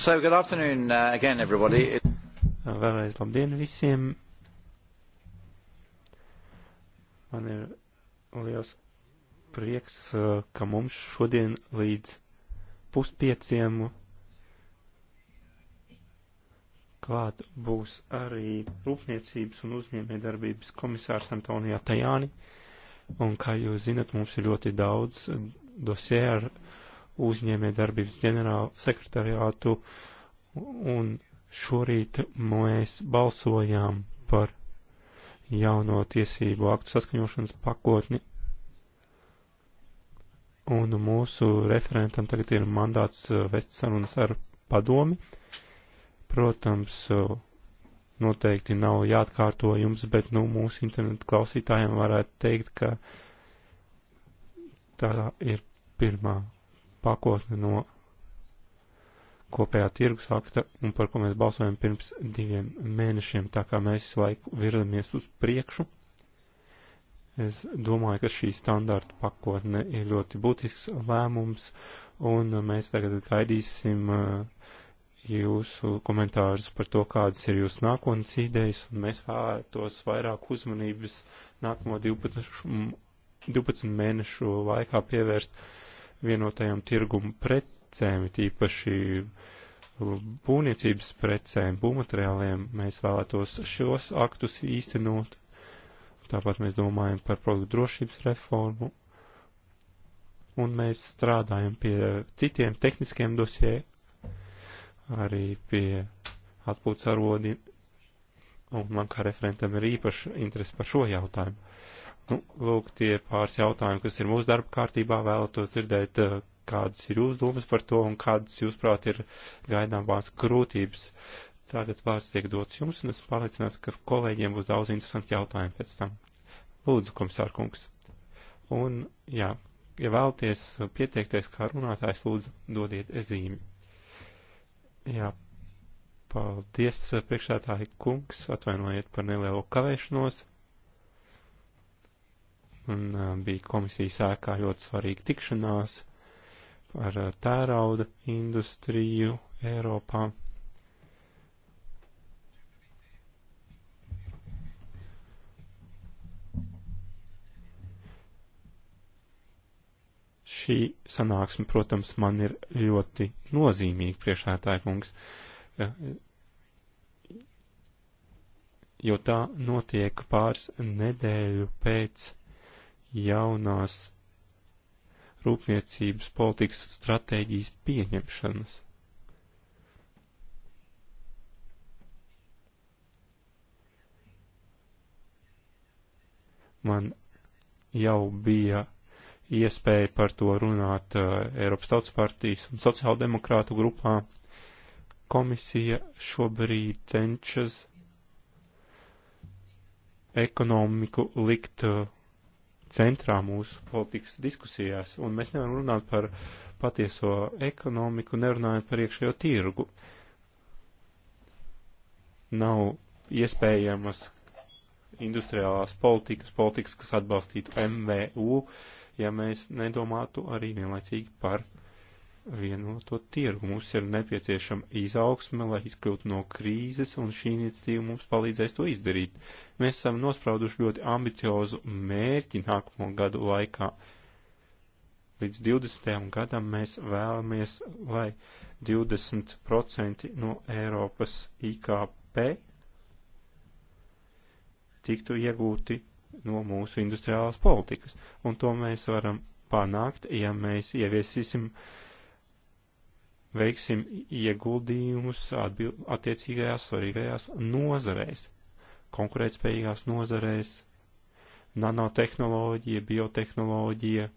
So, good afternoon uh, again, everybody. Vēlreiz labdien visiem. Man ir liels prieks, uh, ka mums šodien līdz puspieciem klāt būs arī Rūpniecības un uzņēmējdarbības komisārs Antonijā Tajāni. Un, kā jūs zinat, mums ir ļoti daudz dosē ar uzņēmē darbības ģenerālu sekretariātu, un šorīt mēs balsojām par jauno tiesību aktu saskaņošanas pakotni, un mūsu referentam tagad ir mandāts uh, vest sarunas ar padomi. Protams, uh, noteikti nav jāatkārto jums, bet nu, mūsu internetu klausītājiem varētu teikt, ka tā ir pirmā pakotni no kopējā tirgus akta un par ko mēs balsojam pirms diviem mēnešiem, tā kā mēs visu laiku virzamies uz priekšu. Es domāju, ka šī standarta pakotne ir ļoti būtisks lēmums, un mēs tagad gaidīsim uh, jūsu komentārus par to, kādas ir jūsu nākotnes idejas, un mēs vēlētos vairāk uzmanības nākamo 12, 12 mēnešu laikā pievērst uh, vienotajam tirgumu precēm, tīpaši uh, būvniecības precēm, būvmateriāliem, mēs vēlētos šos aktus īstenot. Tāpat mēs domājam par produktu drošības reformu. Un mēs strādājam pie citiem tehniskiem dosē, arī pie atpūtas arodi. Un man kā referentam ir īpaši interesi par šo jautājumu. Nu, lūk, tie pāris jautājumi, kas ir mūsu darba kārtībā, vēlētos dzirdēt, eh, kādas ir jūsu domas par to un kādas, jūsuprāt, ir gaidāmās grūtības. Tagad vārds tiek dots jums, un esmu pārliecināts, ka kolēģiem būs daudz interesanti jautājumi pēc tam. Lūdzu, komisārkungs. Un, jā, ja vēlaties pieteikties kā runātājs, lūdzu, dodiet zīmi. Jā, paldies, priekšētāji kungs, atvainojiet par nelielu kavēšanos un bija komisijas ēkā ļoti svarīga tikšanās par tērauda industriju Eiropā. Šī sanāksme, protams, man ir ļoti nozīmīga priekšētāja kungs, jo tā notiek pāris nedēļu pēc jaunās rūpniecības politikas stratēģijas pieņemšanas. Man jau bija iespēja par to runāt uh, Eiropas Tautas partijas un sociāldemokrātu grupā. Komisija šobrīd cenšas ekonomiku likt uh, centrā mūsu politikas diskusijās, un mēs nevaram runāt par patieso ekonomiku, nerunājot par iekšējo tirgu. Nav iespējamas industriālās politikas, politikas, kas atbalstītu MVU, ja mēs nedomātu arī vienlaicīgi par vienoto tirgu. Mums ir nepieciešama izaugsme, lai izkļūtu no krīzes, un šī iniciatīva mums palīdzēs to izdarīt. Mēs esam nosprauduši ļoti ambiciozu mērķi nākamo gadu laikā. Līdz 20. gadam mēs vēlamies, lai 20% no Eiropas IKP tiktu iegūti no mūsu industriālās politikas. Un to mēs varam panākt, ja mēs ieviesīsim uh, veiksim ieguldījumus attiecīgajās svarīgajās nozarēs, konkurētspējīgās nozarēs, nanotehnoloģija, biotehnoloģija,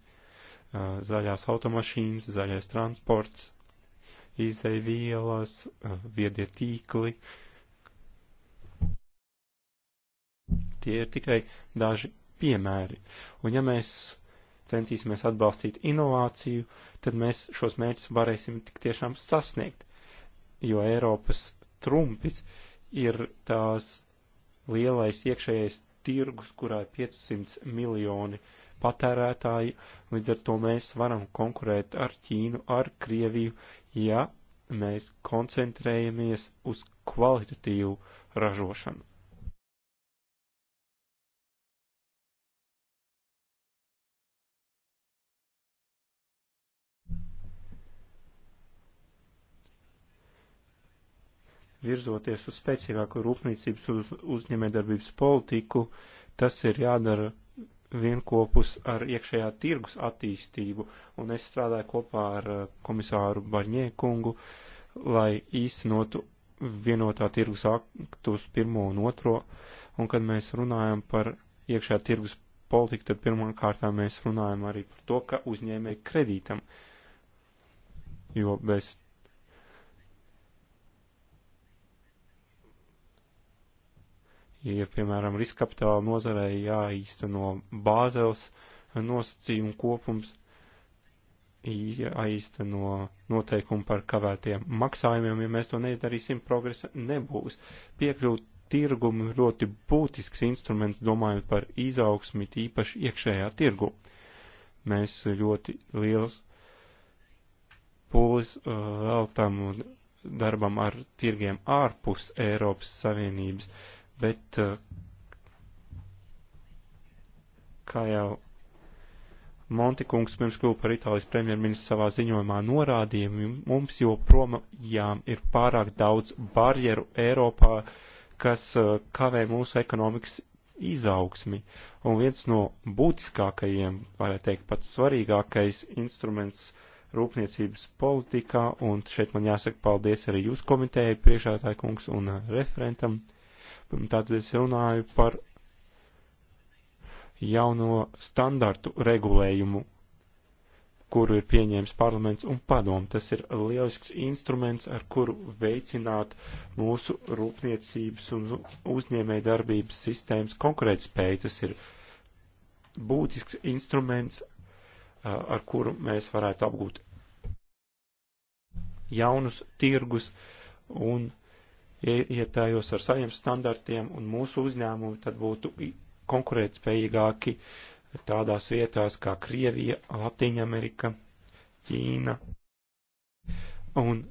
zaļās automašīnas, zaļais transports, izaivielas, viedie tīkli. Tie ir tikai daži piemēri. Un ja mēs centīsimies atbalstīt inovāciju, tad mēs šos mērķus varēsim tik tiešām sasniegt, jo Eiropas trumpis ir tās lielais iekšējais tirgus, kurā ir 500 miljoni patērētāji, līdz ar to mēs varam konkurēt ar Ķīnu, ar Krieviju, ja mēs koncentrējamies uz kvalitatīvu ražošanu. virzoties uz spēcīgāku rūpniecības uz uzņēmējdarbības politiku, tas ir jādara vienkopus ar iekšējā tirgus attīstību, un es strādāju kopā ar eh, komisāru Barņēkungu, lai īstenotu vienotā tirgus aktus pirmo un otro, un kad mēs runājam par iekšējā tirgus politiku, tad pirmām kārtām mēs runājam arī par to, ka uzņēmēji kredītam, jo bez ir, piemēram, riska kapitāla nozarei jāīsteno bāzels nosacījumu kopums, jāīsteno noteikumi par kavētiem maksājumiem. Ja mēs to nedarīsim, progresa nebūs. Piekļūt tirgumu ļoti būtisks instruments, domājot par izaugsmi, tīpaši iekšējā tirgu. Mēs ļoti liels pūlis uh, veltam darbam ar tirgiem ārpus Eiropas Savienības. Uh, bet eh, kā jau Montikungs pirms kļuva par Itālijas premjerministru savā ziņojumā norādīja, mums joprojām ir pārāk daudz barjeru Eiropā, kas eh, kavē mūsu ekonomikas izaugsmi. Un viens no būtiskākajiem, varētu teikt, pats svarīgākais instruments rūpniecības politikā, un šeit man jāsaka paldies arī jūs komiteju priekšētāju kungs un eh, referentam, uh, Tātad es runāju par jauno standartu regulējumu, kuru ir pieņēmis parlaments un padomu. Tas ir lielisks instruments, ar kuru veicināt mūsu rūpniecības un uzņēmē darbības sistēmas konkurētspēju. Tas ir būtisks instruments, ar kuru mēs varētu apgūt jaunus tirgus un ietājos ar saviem standartiem un mūsu uzņēmumi tad būtu konkurētspējīgāki tādās vietās kā Krievija, Latīņa Amerika, Ķīna. Un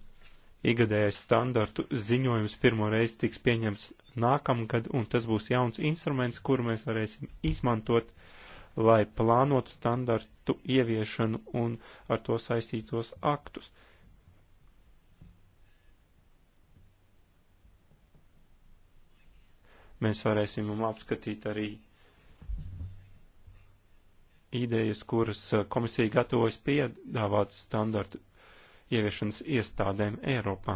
igadējais standartu ziņojums pirmo reizi tiks pieņemts nākamgad, un tas būs jauns instruments, kuru mēs varēsim izmantot, lai plānotu standartu ieviešanu un ar to saistītos aktus. Mēs varēsim apskatīt arī idejas, kuras komisija gatavojas piedāvāt standartu ieviešanas iestādēm Eiropā.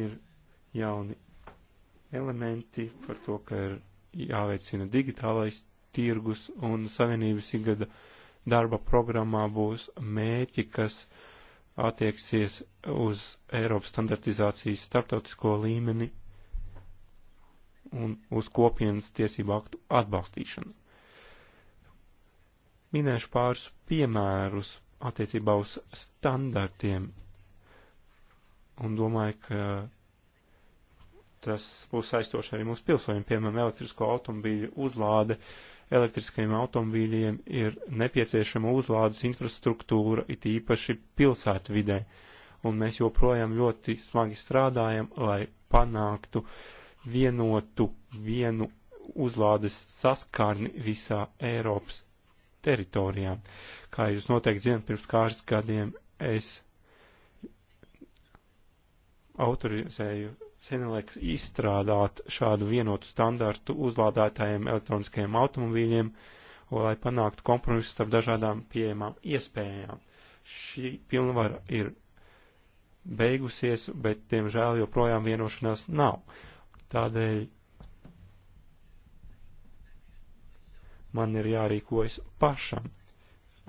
Ir jauni elementi par to, ka ir jāveicina digitālais tirgus un savienības igada darba programmā būs mēķi, kas attieksies uz Eiropas standartizācijas starptautisko līmeni un uz kopienas tiesību aktu atbalstīšanu. Minēšu pāris piemērus attiecībā uz standartiem un domāju, ka tas būs aizstoši arī mūsu pilsoņiem. Piemēram, elektrisko automobīļu uzlāde elektriskajiem automobīļiem ir nepieciešama uzlādes infrastruktūra, it īpaši pilsētu vidē. Un mēs joprojām ļoti smagi strādājam, lai panāktu uh, vienotu vienu uzlādes saskarni visā Eiropas teritorijā. Kā jūs noteikti zināt, pirms kāris gadiem es autorizēju Seneleks izstrādāt šādu vienotu standartu uzlādētājiem elektroniskajiem automobīļiem, lai panāktu kompromisu starp dažādām pieejamām iespējām. Šī pilnvara ir beigusies, bet, diemžēl, joprojām vienošanās nav. Tādēļ man ir jārīkojas pašam.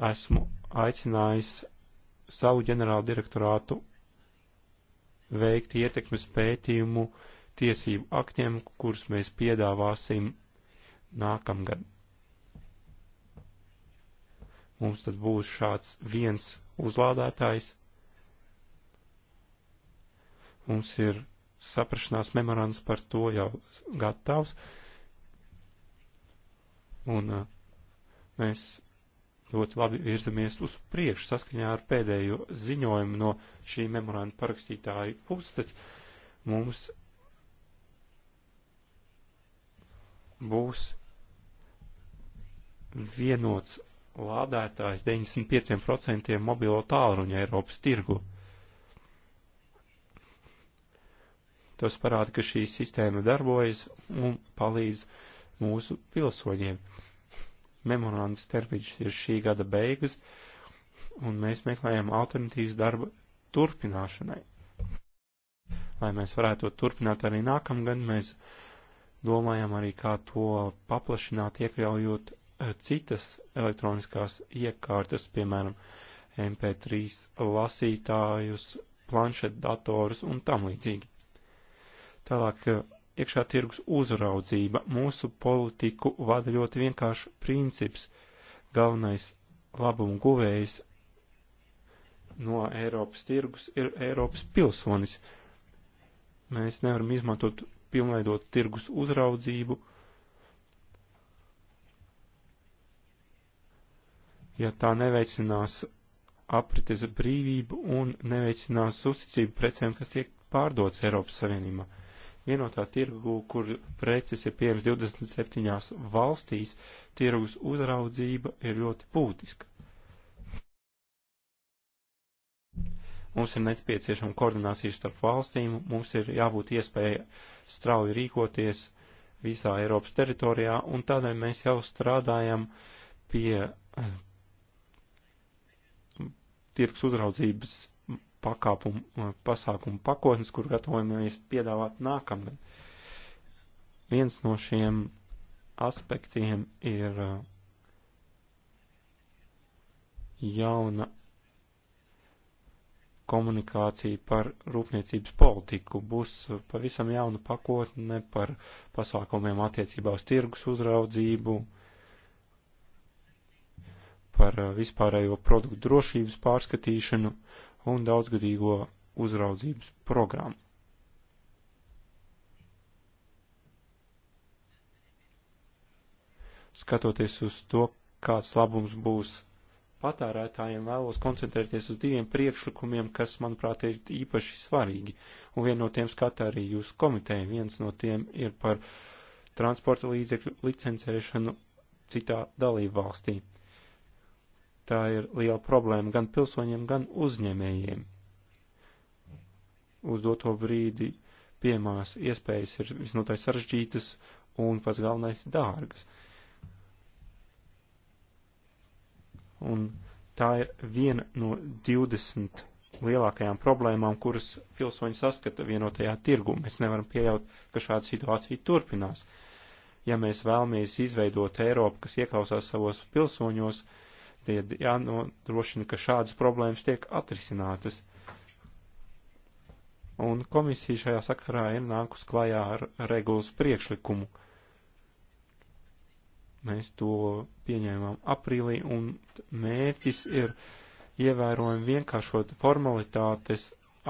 Esmu aicinājis savu ģenerālu direktorātu veikt ietekmes pētījumu tiesību aktiem, kurus mēs piedāvāsim nākamgad. Mums tad būs šāds viens uzlādētājs. Mums ir saprašanās memorands par to jau gatavs. Un uh, mēs ļoti labi virzamies uz priekšu saskaņā ar pēdējo ziņojumu no šī memoranda parakstītāja puses. Mums būs vienots lādētājs 95% mobilo tālruņa Eiropas tirgu. Uh, Tas parāda, ka šī sistēma darbojas un palīdz mūsu pilsoņiem. Memorandas termiņš ir šī gada beigas, un mēs meklējam alternatīvas darba turpināšanai. Lai mēs varētu to turpināt arī nākamgad, mēs domājam arī, kā to paplašināt, iekļaujot eh, citas elektroniskās iekārtas, piemēram, MP3 lasītājus, planšetdatorus un tam līdzīgi. Tālāk eh, iekšā tirgus uzraudzība. Mūsu politiku vada ļoti vienkārši princips. Galvenais labumu guvējs no Eiropas tirgus ir Eiropas pilsonis. Mēs nevaram izmantot pilnveidot tirgus uzraudzību, ja tā neveicinās aprites brīvību un neveicinās uzticību precēm, kas tiek pārdots Eiropas Savienībā vienotā tirgu, kur preces ir pieejams 27 valstīs, tirgus uzraudzība ir ļoti būtiska. Mums ir nepieciešama koordinācija starp valstīm, mums ir jābūt iespēja strauji rīkoties visā Eiropas teritorijā, un tādēļ mēs jau strādājam pie eh, tirgus uzraudzības pakāpumu, eh, pasākumu pakotnes, kur gatavojamies piedāvāt nākamgad. Viens no šiem aspektiem ir eh, jauna komunikācija par rūpniecības politiku. Būs eh, pavisam jauna pakotne par pasākumiem attiecībā uz tirgus uzraudzību, par vispārējo produktu drošības pārskatīšanu un daudzgadīgo uzraudzības programmu. Skatoties uz to, kāds labums būs patērētājiem, vēlos koncentrēties uz diviem priekšlikumiem, kas, manuprāt, ir īpaši svarīgi. Un viena no tiem skata arī jūsu komiteja. Viens no tiem ir par transporta līdzekļu licencēšanu citā dalību valstī. Uh, Tā ir liela problēma gan pilsoņiem, gan uzņēmējiem. Uz doto brīdi piemās iespējas ir visnotaļ sarežģītas un pats galvenais dārgas. Un tā ir viena no 20 lielākajām problēmām, kuras pilsoņi saskata vienotajā tirgu. Mēs nevaram pieļaut, ka šāda situācija turpinās. Ja mēs vēlamies izveidot Eiropu, kas ieklausās savos pilsoņos, uh, Tie jānodrošina, ka šādas problēmas tiek atrisinātas. Un komisija šajā sakarā ir nākus klajā ar regulas priekšlikumu. Mēs to pieņēmām aprīlī, un mērķis ir ievērojami vienkāršot formalitātes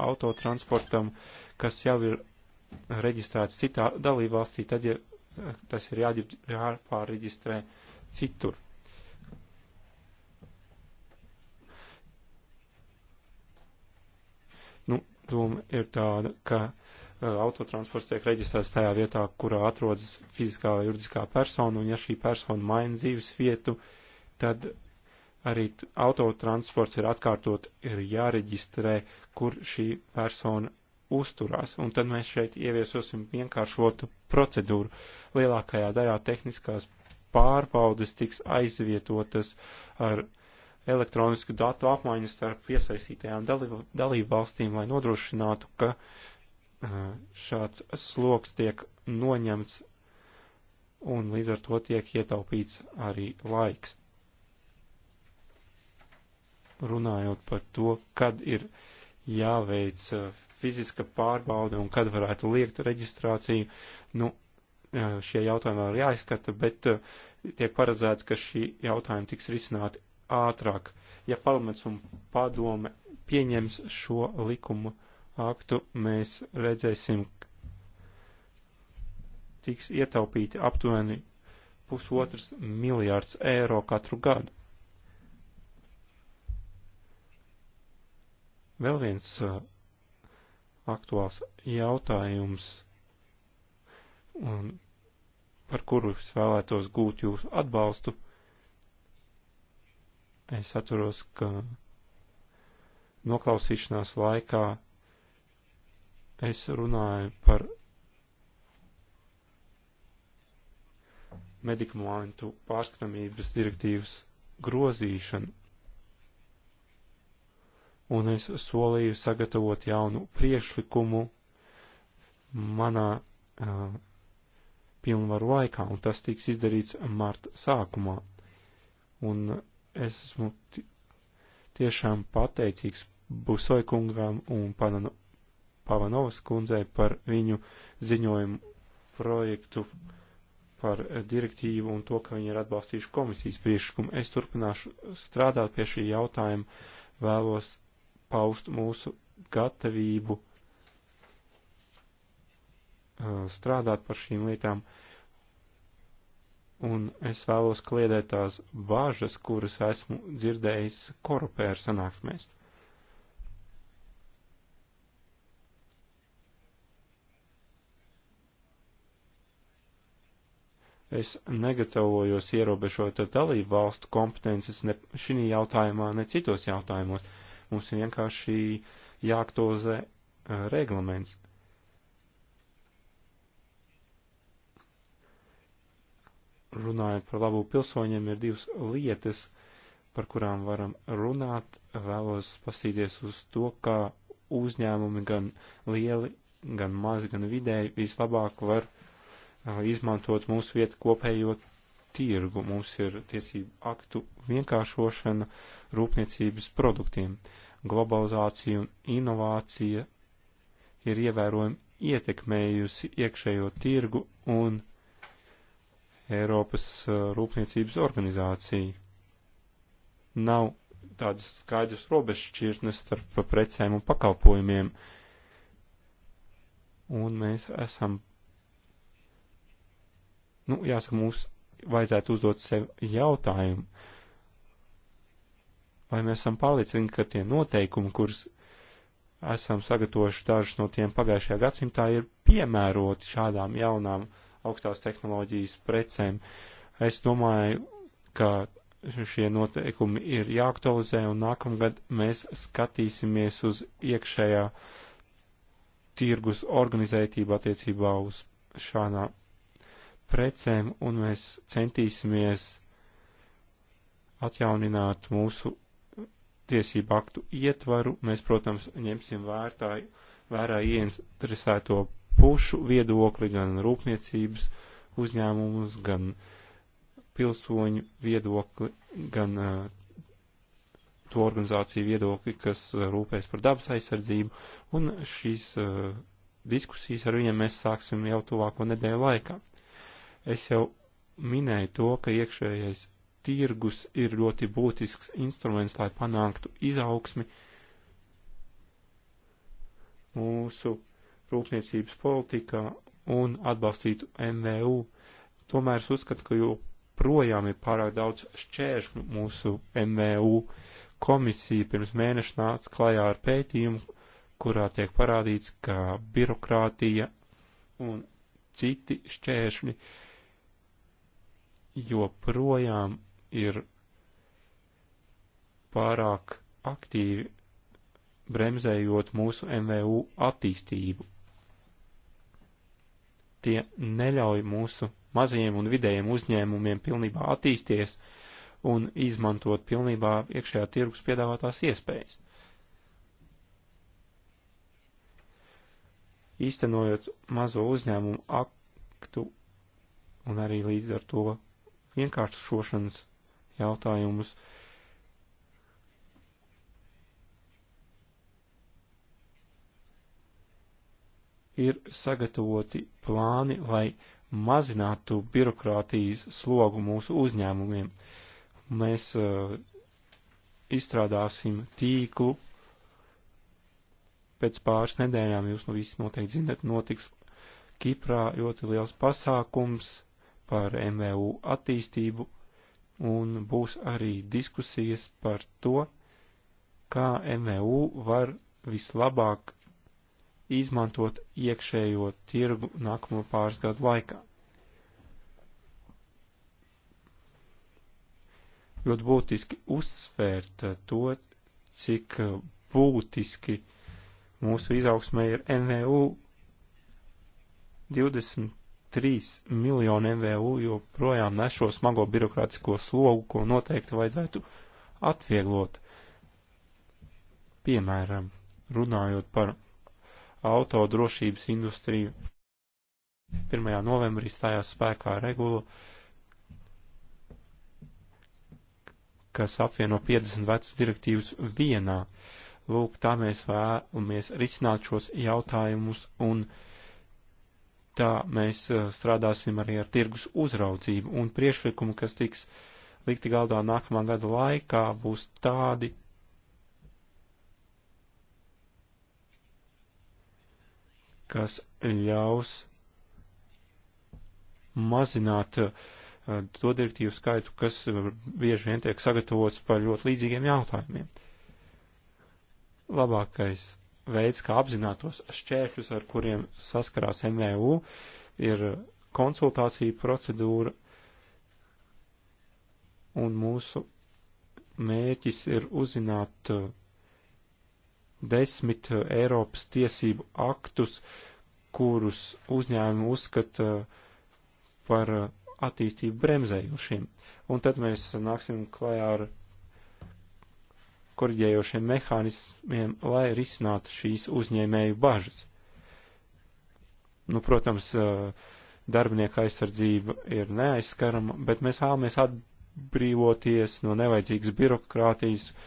autotransportam, kas jau ir reģistrēts citā dalībvalstī, tad, ja eh, tas ir jāģip, jāpārreģistrē citur. Nu, doma ir tāda, ka uh, autotransports tiek reģistrēts tajā vietā, kurā atrodas fiziskā vai juridiskā persona, un ja šī persona maina dzīves vietu, tad arī autotransports ir atkārtot, ir jāreģistrē, kur šī persona uzturās, un tad mēs šeit ieviesosim vienkāršotu procedūru. Lielākajā daļā tehniskās pārbaudes tiks aizvietotas ar elektronisku datu apmaiņu starp iesaistītajām dalību valstīm, lai nodrošinātu, ka uh, šāds sloks tiek noņemts un līdz ar to tiek ietaupīts arī laiks. Runājot par to, kad ir jāveic uh, fiziska pārbaude un kad varētu liekt reģistrāciju, nu, uh, šie jautājumi vēl ir jāizskata, bet tiek paredzēts, ka šī jautājuma tiks risināti ātrāk. Ja parlaments un padome pieņems šo likumu aktu, mēs redzēsim, tiks ietaupīti aptuveni pusotrs miljārds eiro katru gadu. Vēl viens uh, aktuāls jautājums, un par kuru es vēlētos gūt jūsu atbalstu Es atceros, ka noklausīšanās laikā es runāju par medikamentu pārskatāmības direktīvas grozīšanu, un es solīju sagatavot jaunu priešlikumu manā uh, pilnvaru laikā, un tas tiks izdarīts marta sākumā. Un Es esmu tiešām pateicīgs Busoja kungām un Panano Pavanovas kundzei par viņu ziņojumu projektu par direktīvu un to, ka viņi ir atbalstījuši komisijas priekšlikumu. Es turpināšu strādāt pie šī jautājuma, vēlos paust mūsu gatavību uh, strādāt par šīm lietām. Uh, un es vēlos kliedēt tās bāžas, kuras esmu dzirdējis korupēra sanāksmēs. Es negatavojos ierobežot dalību valstu kompetences ne šī jautājumā, ne citos jautājumos. Mums vienkārši jāaktozē eh, reglaments. runājot par labu pilsoņiem, ir divas lietas, par kurām varam runāt. Vēlos pasīties uz to, kā uzņēmumi gan lieli, gan mazi, gan vidēji vislabāk var izmantot mūsu vietu kopējo tirgu. Mums ir tiesību aktu vienkāršošana rūpniecības produktiem. Globalizācija un inovācija ir ievērojami ietekmējusi iekšējo tirgu un Eiropas uh, rūpniecības organizācija. Nav tādas skaidras robežšķirtnes starp precēm un pakalpojumiem. Un mēs esam, nu, jāsaka, mums vajadzētu uzdot sev jautājumu, vai mēs esam pārliecināti, ka tie noteikumi, kurus esam sagatavojuši dažus no tiem pagājušajā gadsimtā, ir piemēroti šādām jaunām uh, augstās tehnoloģijas precēm. Es domāju, ka šie noteikumi ir jāaktualizē, un nākamgad mēs skatīsimies uz iekšējā tirgus organizētību attiecībā uz šādām precēm, un mēs centīsimies atjaunināt mūsu tiesību aktu ietvaru. Mēs, protams, ņemsim vērtāju, vērā ieinteresēto pušu viedokli, gan rūpniecības uzņēmumus, gan pilsoņu viedokli, gan uh, to organizāciju viedokli, kas uh, rūpēs par dabas aizsardzību, un šīs uh, diskusijas ar viņiem mēs sāksim jau tuvāko nedēļu laikā. Es jau minēju to, ka iekšējais tirgus ir ļoti būtisks instruments, lai panāktu izaugsmi. Mūsu rūpniecības politikā un atbalstītu MVU. Tomēr es uzskatu, ka joprojām ir pārāk daudz šķēršļu mūsu MVU. Komisija pirms mēneša nāca klajā ar pētījumu, kurā tiek parādīts, ka birokrātija un citi šķēršļi joprojām ir pārāk aktīvi bremzējot mūsu MVU attīstību tie neļauj mūsu mazajiem un vidējiem uzņēmumiem pilnībā attīsties un izmantot pilnībā iekšējā tirgus piedāvātās iespējas. Īstenojot mazo uzņēmumu aktu un arī līdz ar to vienkāršošanas jautājumus, uh, ir sagatavoti plāni, lai mazinātu birokrātijas slogu mūsu uzņēmumiem. Mēs uh, izstrādāsim tīklu. Pēc pāris nedēļām jūs nu visi noteikti zinat, notiks Kiprā ļoti liels pasākums par MVU attīstību un būs arī diskusijas par to, kā MVU var vislabāk izmantot iekšējo tirgu nākamo pāris gadu laikā. Ļoti būtiski uzsvērt to, cik būtiski mūsu izaugsmē ir MVU. 23 miljoni MVU joprojām nes šo smago birokrātisko slogu, ko noteikti vajadzētu atvieglot. Piemēram, runājot par auto drošības industriju. 1. novembrī stājās spēkā regula, kas apvieno 50 vecas direktīvas vienā. Lūk, tā mēs vēlamies risināt šos jautājumus un tā mēs eh, strādāsim arī ar tirgus uzraudzību un priešlikumu, kas tiks likti galdā nākamā gada laikā, būs tādi, kas ļaus mazināt uh, to direktīvu skaitu, kas uh, bieži vien tiek sagatavots par ļoti līdzīgiem jautājumiem. Labākais veids, kā apzinātos šķēršļus, ar kuriem saskarās MEU, ir konsultācija procedūra, un mūsu mērķis ir uzzināt uh, desmit eh, Eiropas tiesību aktus, kurus uzņēmumi uzskata eh, par eh, attīstību bremzējušiem. Un tad mēs nāksim klajā ar korģējošiem mehānismiem, lai risinātu šīs uzņēmēju bažas. Nu, protams, darbinieka aizsardzība ir neaizskarama, bet mēs vēlamies atbrīvoties no nevajadzīgas birokrātijas, uh,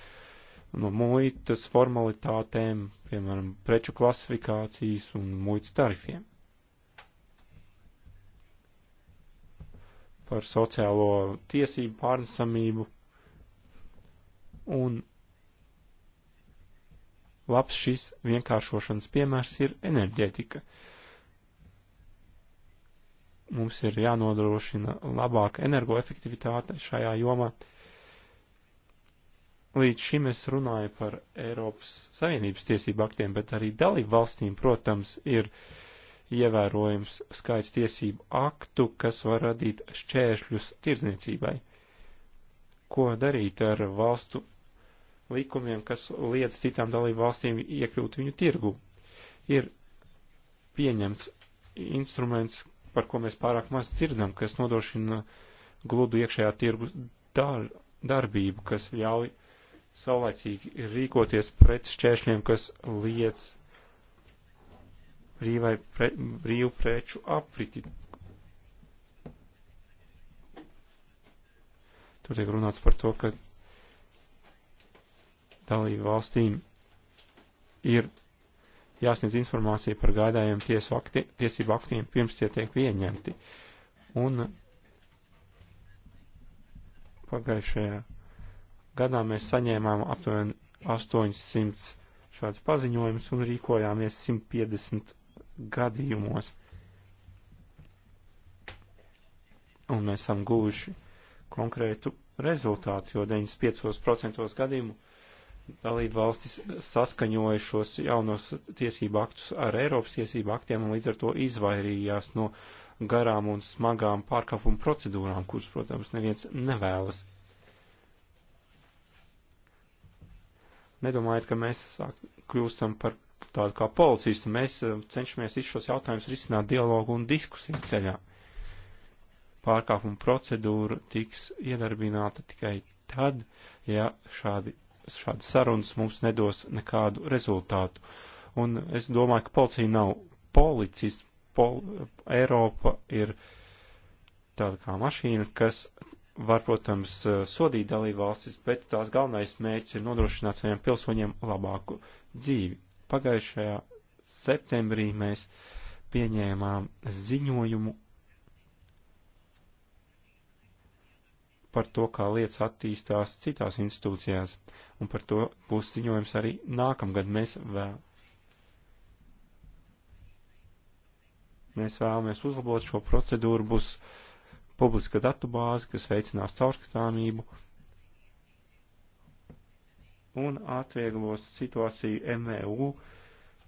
no muitas formalitātēm, piemēram, preču klasifikācijas un muitas tarifiem. Par sociālo tiesību pārnesamību un labs šis vienkāršošanas piemērs ir enerģētika. Mums ir jānodrošina labāka energoefektivitāte šajā jomā. Līdz šim es runāju par Eiropas Savienības tiesību aktiem, bet arī dalību valstīm, protams, ir ievērojams skaits tiesību aktu, kas var radīt šķēršļus tirdzniecībai. Ko darīt ar valstu likumiem, kas liedz citām dalību valstīm iekļūt viņu tirgu? Ir pieņemts instruments, par ko mēs pārāk maz dzirdam, kas nodrošina gludu iekšējā tirgus dar darbību, kas ļauj saulaicīgi rīkoties pret šķēršļiem, kas liec brīvai pre, brīvu preču apriti. Tur tiek runāts par to, ka dalību valstīm ir jāsniedz informācija par gaidājiem akti, tiesību aktiem pirms tie tiek pieņemti. Un pagājušajā gadā mēs saņēmām aptuveni 800 šādus paziņojumus un rīkojāmies 150 gadījumos. Un mēs esam guvuši konkrētu rezultātu, jo 95% gadījumu dalību valstis saskaņoja šos jaunos tiesību aktus ar Eiropas tiesību aktiem un līdz ar to izvairījās no garām un smagām pārkāpumu procedūrām, kuras, protams, neviens nevēlas. Nedomājiet, ka mēs kļūstam par tādu kā policistu. Mēs eh, cenšamies visus šos jautājumus risināt dialogu un diskusiju ceļā. Pārkāpuma procedūra tiks iedarbināta tikai tad, ja šādi, šādi sarunas mums nedos nekādu rezultātu. Un es domāju, ka policija nav policists. Pol, Eiropa ir tāda kā mašīna, kas var, protams, eh, sodīt dalību valstis, bet tās galvenais mērķis ir nodrošināt saviem pilsoņiem labāku dzīvi. Pagājušajā septembrī mēs pieņēmām ziņojumu par to, kā lietas attīstās citās institūcijās, un par to būs ziņojums arī nākamgad mēs vēl. Mēs vēlamies uzlabot šo procedūru, būs uh, publiska datu bāze, kas veicinās caurskatāmību un atvieglos situāciju MEU,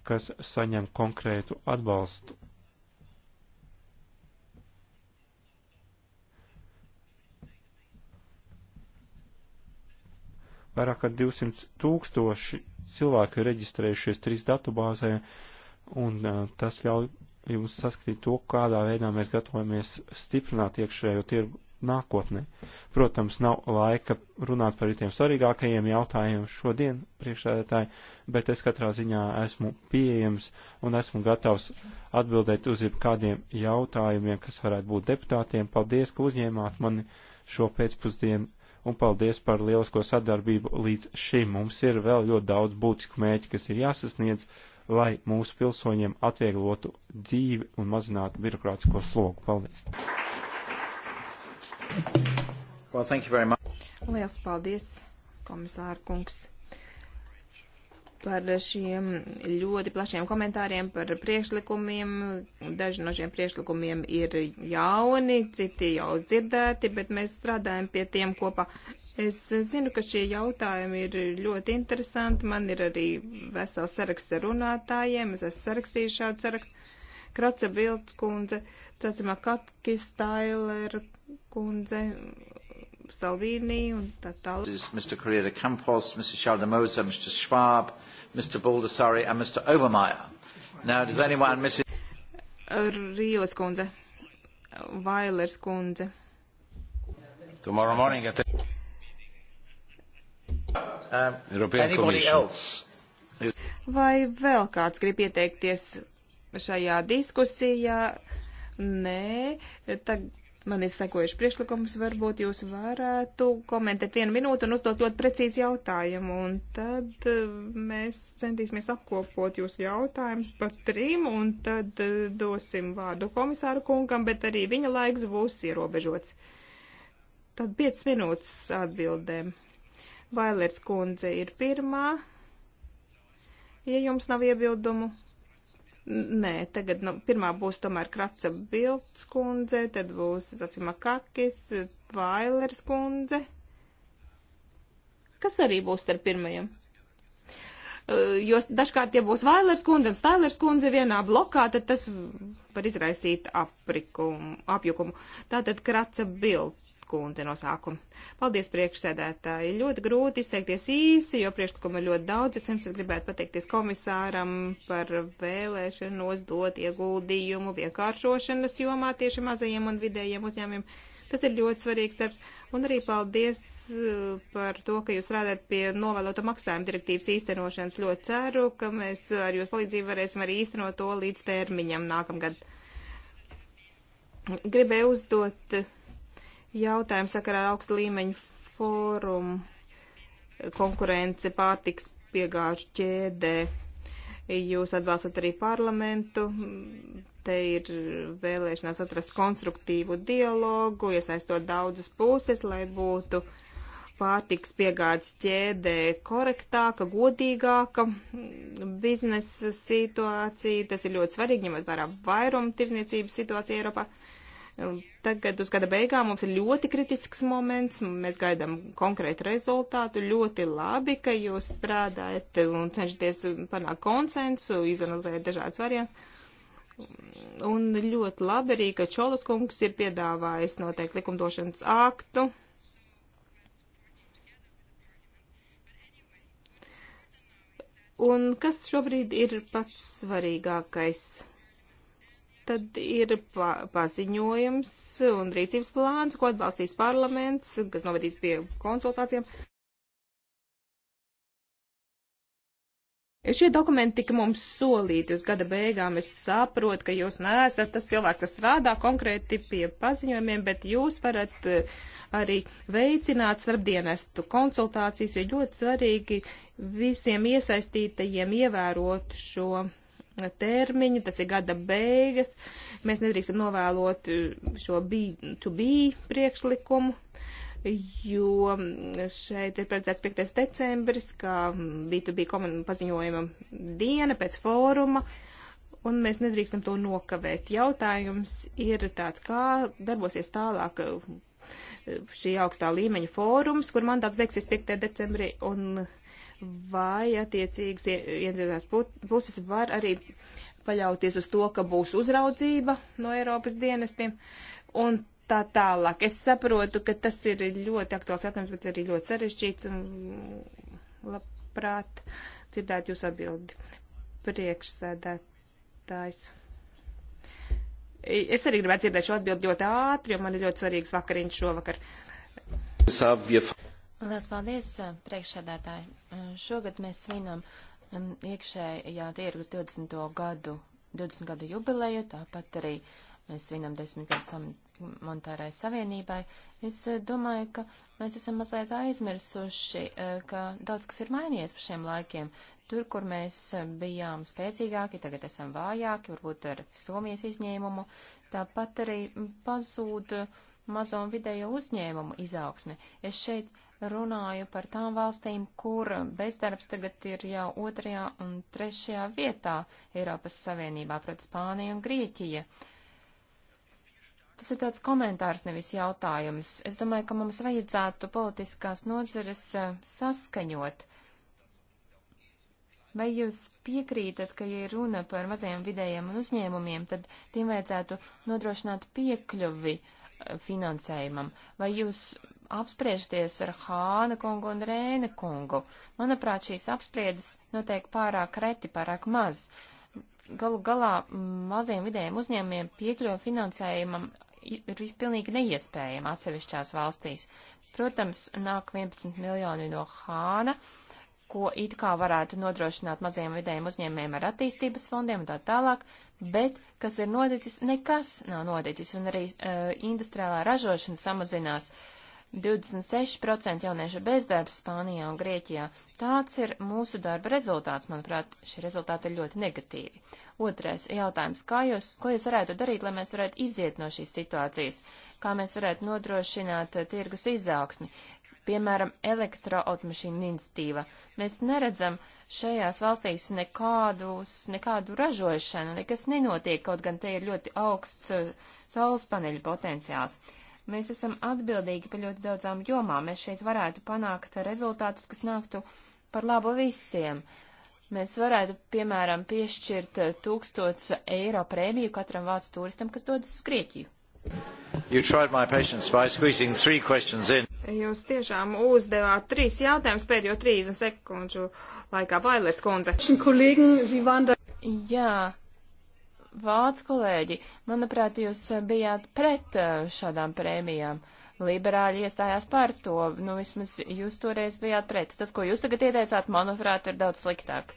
kas saņem konkrētu atbalstu. Vairāk kā 200 tūkstoši cilvēki ir reģistrējušies trīs datubāzē, un uh, tas ļauj jums saskatīt to, kādā veidā mēs gatavojamies stiprināt iekšējo tirgu nākotnē. Protams, nav laika runāt par tiem svarīgākajiem jautājumiem šodien, priekšsēdētāji, bet es katrā ziņā esmu pieejams un esmu gatavs atbildēt uz jebkādiem jautājumiem, kas varētu būt deputātiem. Paldies, ka uzņēmāt mani šo pēcpusdienu un paldies par lielisko sadarbību līdz šim. Mums ir vēl ļoti daudz būtisku mēķi, kas ir jāsasniedz lai mūsu pilsoņiem atvieglotu dzīvi un mazinātu birokrātisko slogu. Paldies! Well, Lielas paldies, komisāra kungs! par šiem ļoti plašiem komentāriem par priekšlikumiem. Daži no šiem priekšlikumiem ir jauni, citi jau dzirdēti, bet mēs strādājam pie tiem kopā. Es zinu, ka šie jautājumi ir ļoti interesanti. Man ir arī vesels saraksts ar runātājiem. Es esmu sarakstījis šādu sarakstu. Kraca Bilds kundze, Cacimā Katkis, Tailer kundze, Salvini un tā tālāk. Mr. Correa de Campos, Mr. Šaldemoza, Mr. Schwab. Mr. Baldessari and Mr. Obermeyer. Now, does anyone miss it? Rīles kundze. Vailers kundze. Tomorrow morning at um, European anybody Commission. else? Vai vēl kāds grib ieteikties šajā diskusijā? Nē, tad Man ir sekojuši priekšlikums, varbūt jūs varētu komentēt vienu minūtu un uzdot ļoti precīzi jautājumu, un tad eh, mēs centīsimies apkopot jūsu jautājumus par trim, un tad eh, dosim vārdu komisāru kungam, bet arī viņa laiks būs ierobežots. Tad 5 minūtes atbildēm. Vailers kundze ir pirmā. Ja jums nav iebildumu, Nē, tagad nu, pirmā būs tomēr Kratsa Bilds kundze, tad būs Zacima Kakis, Vailers kundze. Kas arī būs starp pirmajiem? jo dažkārt, ja būs Vailers kundze un Stailers kundze vienā blokā, tad tas var izraisīt aprikum, apjukumu. Tātad Kratsa Bild kundze no sākuma. Paldies priekšsēdētāji. Ļoti grūti izteikties īsi, jo priekšlikumu ir ļoti daudz. Es jums gribētu pateikties komisāram par vēlēšanos dot ieguldījumu vienkāršošanas jomā tieši mazajiem un vidējiem uzņēmumiem. Tas ir ļoti svarīgs darbs. Un arī paldies uh, par to, ka jūs strādājat pie novēlotu maksājumu direktīvas īstenošanas. Ļoti ceru, ka mēs ar jūsu palīdzību varēsim arī īstenot to līdz termiņam nākamgad. Gribēju uzdot jautājumu sakarā ar augstu līmeņu fórumu konkurence pārtiks piegāžu ķēdē. Jūs atbalstat arī parlamentu, te ir vēlēšanās atrast konstruktīvu dialogu, iesaistot daudzas puses, lai būtu pārtiks piegādes ķēdē korektāka, godīgāka biznesa situācija. Tas ir ļoti svarīgi, ņemot vērā vairumu tirzniecības situāciju Eiropā. Uh, Tagad uz gada beigām mums ir ļoti kritisks moments, mēs gaidām konkrētu rezultātu. Ļoti labi, ka jūs strādājat un cenšaties panākt konsensu, izanalizējat dažādas variantus. Un ļoti labi arī, ka Čolas kungs ir piedāvājis noteikti likumdošanas aktu. Un kas šobrīd ir pats svarīgākais? tad ir pa paziņojums un rīcības plāns, ko atbalstīs parlaments, kas novadīs pie konsultācijām. Šie dokumenti tika mums solīti uz gada beigām. Es saprotu, ka jūs neesat tas cilvēks, kas strādā konkrēti pie paziņojumiem, bet jūs varat eh, arī veicināt starpdienestu konsultācijas, jo ļoti svarīgi visiem iesaistītajiem ievērot šo termiņu, tas ir gada beigas. Mēs nedrīkstam novēlot uh, šo B2B priekšlikumu, jo šeit ir paredzēts 5. decembris, kā B2B paziņojuma diena pēc fóruma. Un mēs nedrīkstam to nokavēt. Jautājums ir tāds, kā darbosies tālāk uh, šī augstā līmeņa fórums, kur mandāts beigsies 5. decembrī, un uh, vai attiecīgas iedzīvotās puses var arī paļauties uz to, ka būs uzraudzība no Eiropas dienestiem un tā tālāk. Es saprotu, ka tas ir ļoti aktuāls jautājums, bet arī ļoti sarežģīts un labprāt dzirdēt jūs atbildi. Priekšsēdētājs. Es arī gribētu dzirdēt šo atbildi ļoti ātri, jo man ir ļoti svarīgs vakariņš šovakar. Lielas paldies, eh, priekšsēdētāji. Eh, šogad mēs svinam mm, iekšējā tirgus 20. gadu, 20 gadu jubileju, tāpat arī mēs svinam 10 gadu monetārai savienībai. Es eh, domāju, ka mēs esam mazliet aizmirsuši, ka daudz kas ir mainījies pa šiem laikiem. Tur, kur mēs bijām spēcīgāki, tagad esam vājāki, varbūt ar Somijas izņēmumu. Tāpat arī mm, pazūd mazo un vidējo uzņēmumu izaugsme. Es šeit runāju par tām valstīm, kur bezdarbs tagad ir jau otrajā un trešajā vietā Eiropas Savienībā, proti Spānija un Grieķija. Tas ir tāds komentārs, nevis jautājums. Es domāju, ka mums vajadzētu politiskās nozares eh, saskaņot. Vai jūs piekrītat, ka, ja runa par mazajiem vidējiem un uzņēmumiem, tad tiem vajadzētu nodrošināt piekļuvi eh, finansējumam? Vai jūs apspriesties ar Hāna kungu un Rēna kungu. Manuprāt, šīs apspriedas notiek pārāk reti, pārāk maz. Galu galā maziem vidējiem uzņēmumiem piekļuva finansējumam ir vispilnīgi neiespējama atsevišķās valstīs. Protams, nāk 11 miljoni no Hāna, ko it kā varētu nodrošināt maziem vidējiem uzņēmējiem ar attīstības fondiem un tā tālāk, bet kas ir noticis, nekas nav noticis, un arī uh, industriālā ražošana samazinās. Uh, 26% jauniešu bezdarbs Spānijā un Grieķijā. Tāds ir mūsu darba rezultāts. Manuprāt, šie rezultāti ir ļoti negatīvi. Otrais jautājums. Kā jūs, ko jūs varētu darīt, lai mēs varētu iziet no šīs situācijas? Kā mēs varētu nodrošināt eh, tirgus izaugsmi? Piemēram, elektroautomašīna iniciatīva. Mēs neredzam šajās valstīs nekādus, nekādu ražošanu, nekas nenotiek, kaut gan te ir ļoti augsts uh, saules paneļu potenciāls. Uh, Mēs esam atbildīgi par ļoti daudzām jomām. Mēs šeit varētu panākt rezultātus, kas nāktu par labu visiem. Mēs varētu, piemēram, piešķirt eh, tūkstots eiro prēmiju katram vācu turistam, kas dodas uz Grieķiju. Jūs tiešām uzdevāt trīs jautājumus pēdējo 30 sekundžu laikā, Vailers kundze. Jā, vācu kolēģi, manuprāt, jūs bijāt pret eh, šādām prēmijām. Liberāļi iestājās par to, nu vismaz jūs toreiz bijāt pret. Tas, ko jūs tagad ieteicāt, manuprāt, ir daudz sliktāk.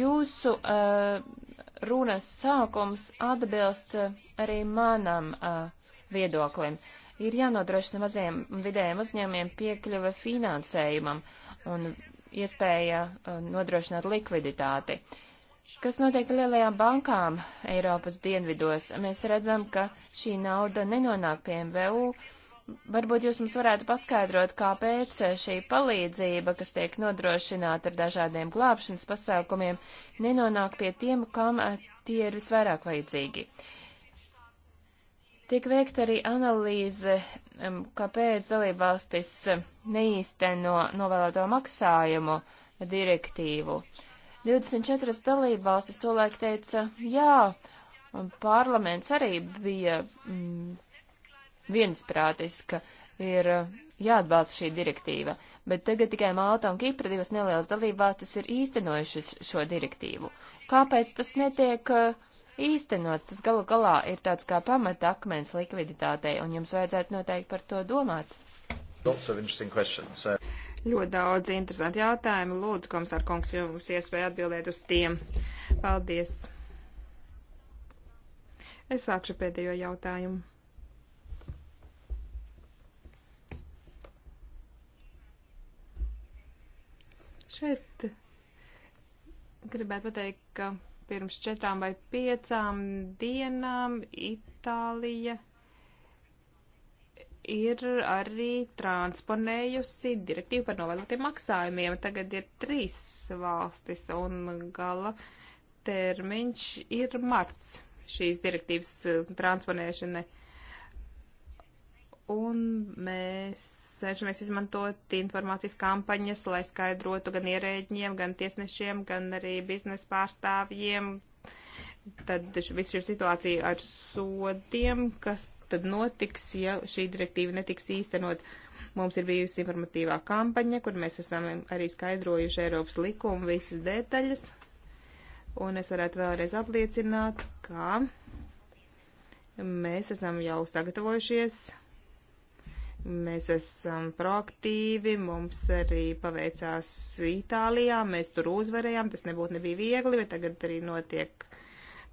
Jūsu uh, runas sākums atbilst eh, arī manam uh, viedoklim. Ir jānodrošina mazajiem un vidējiem uzņēmiem piekļuve finansējumam un iespēja uh, nodrošināt likviditāti. Uh, Kas notiek ar lielajām bankām Eiropas dienvidos? Mēs redzam, ka šī nauda nenonāk pie MVU. Varbūt jūs mums varētu paskaidrot, kāpēc šī palīdzība, kas tiek nodrošināta ar dažādiem glābšanas pasākumiem, nenonāk pie tiem, kam tie ir visvairāk vajadzīgi. Tiek veikta arī analīze, um, kāpēc dalībvalstis neīsteno novēloto maksājumu direktīvu. Uh, 24 dalībvalstis tolaik teica, jā, parlaments arī bija mm, viensprātis, ka ir mm, jāatbalsta šī direktīva, bet tagad tikai Malta un Kipra divas nelielas dalībvalstis ir īstenojušas šo direktīvu. Kāpēc tas netiek mm, īstenots? Tas galu galā ir tāds kā pamata akmens likviditātei, un jums vajadzētu noteikti par to domāt. Lots of interesting questions. Uh... So... Ļoti daudz interesanti jautājumi. Lūdzu, komisār kungs, jums iespēja atbildēt uz tiem. Paldies. Es sākšu pēdējo jautājumu. Šeit gribētu pateikt, ka pirms četrām vai piecām dienām Itālija ir arī transponējusi direktīvu par novēlotiem maksājumiem. Tagad ir trīs valstis un gala termiņš ir marts šīs direktīvas eh, transponēšanai. Un mēs cenšamies izmantot informācijas kampaņas, lai skaidrotu gan ierēģiem, gan tiesnešiem, gan arī biznesa pārstāvjiem, tad visu šo situāciju ar sodiem, kas tad notiks, ja šī direktīva netiks īstenot. Mums ir bijusi informatīvā kampaņa, kur mēs esam arī skaidrojuši Eiropas likumu visas detaļas. Un es varētu vēlreiz apliecināt, ka mēs esam jau sagatavojušies, mēs esam proaktīvi, mums arī paveicās Itālijā, mēs tur uzvarējām, tas nebūtu nebija viegli, bet tagad arī notiek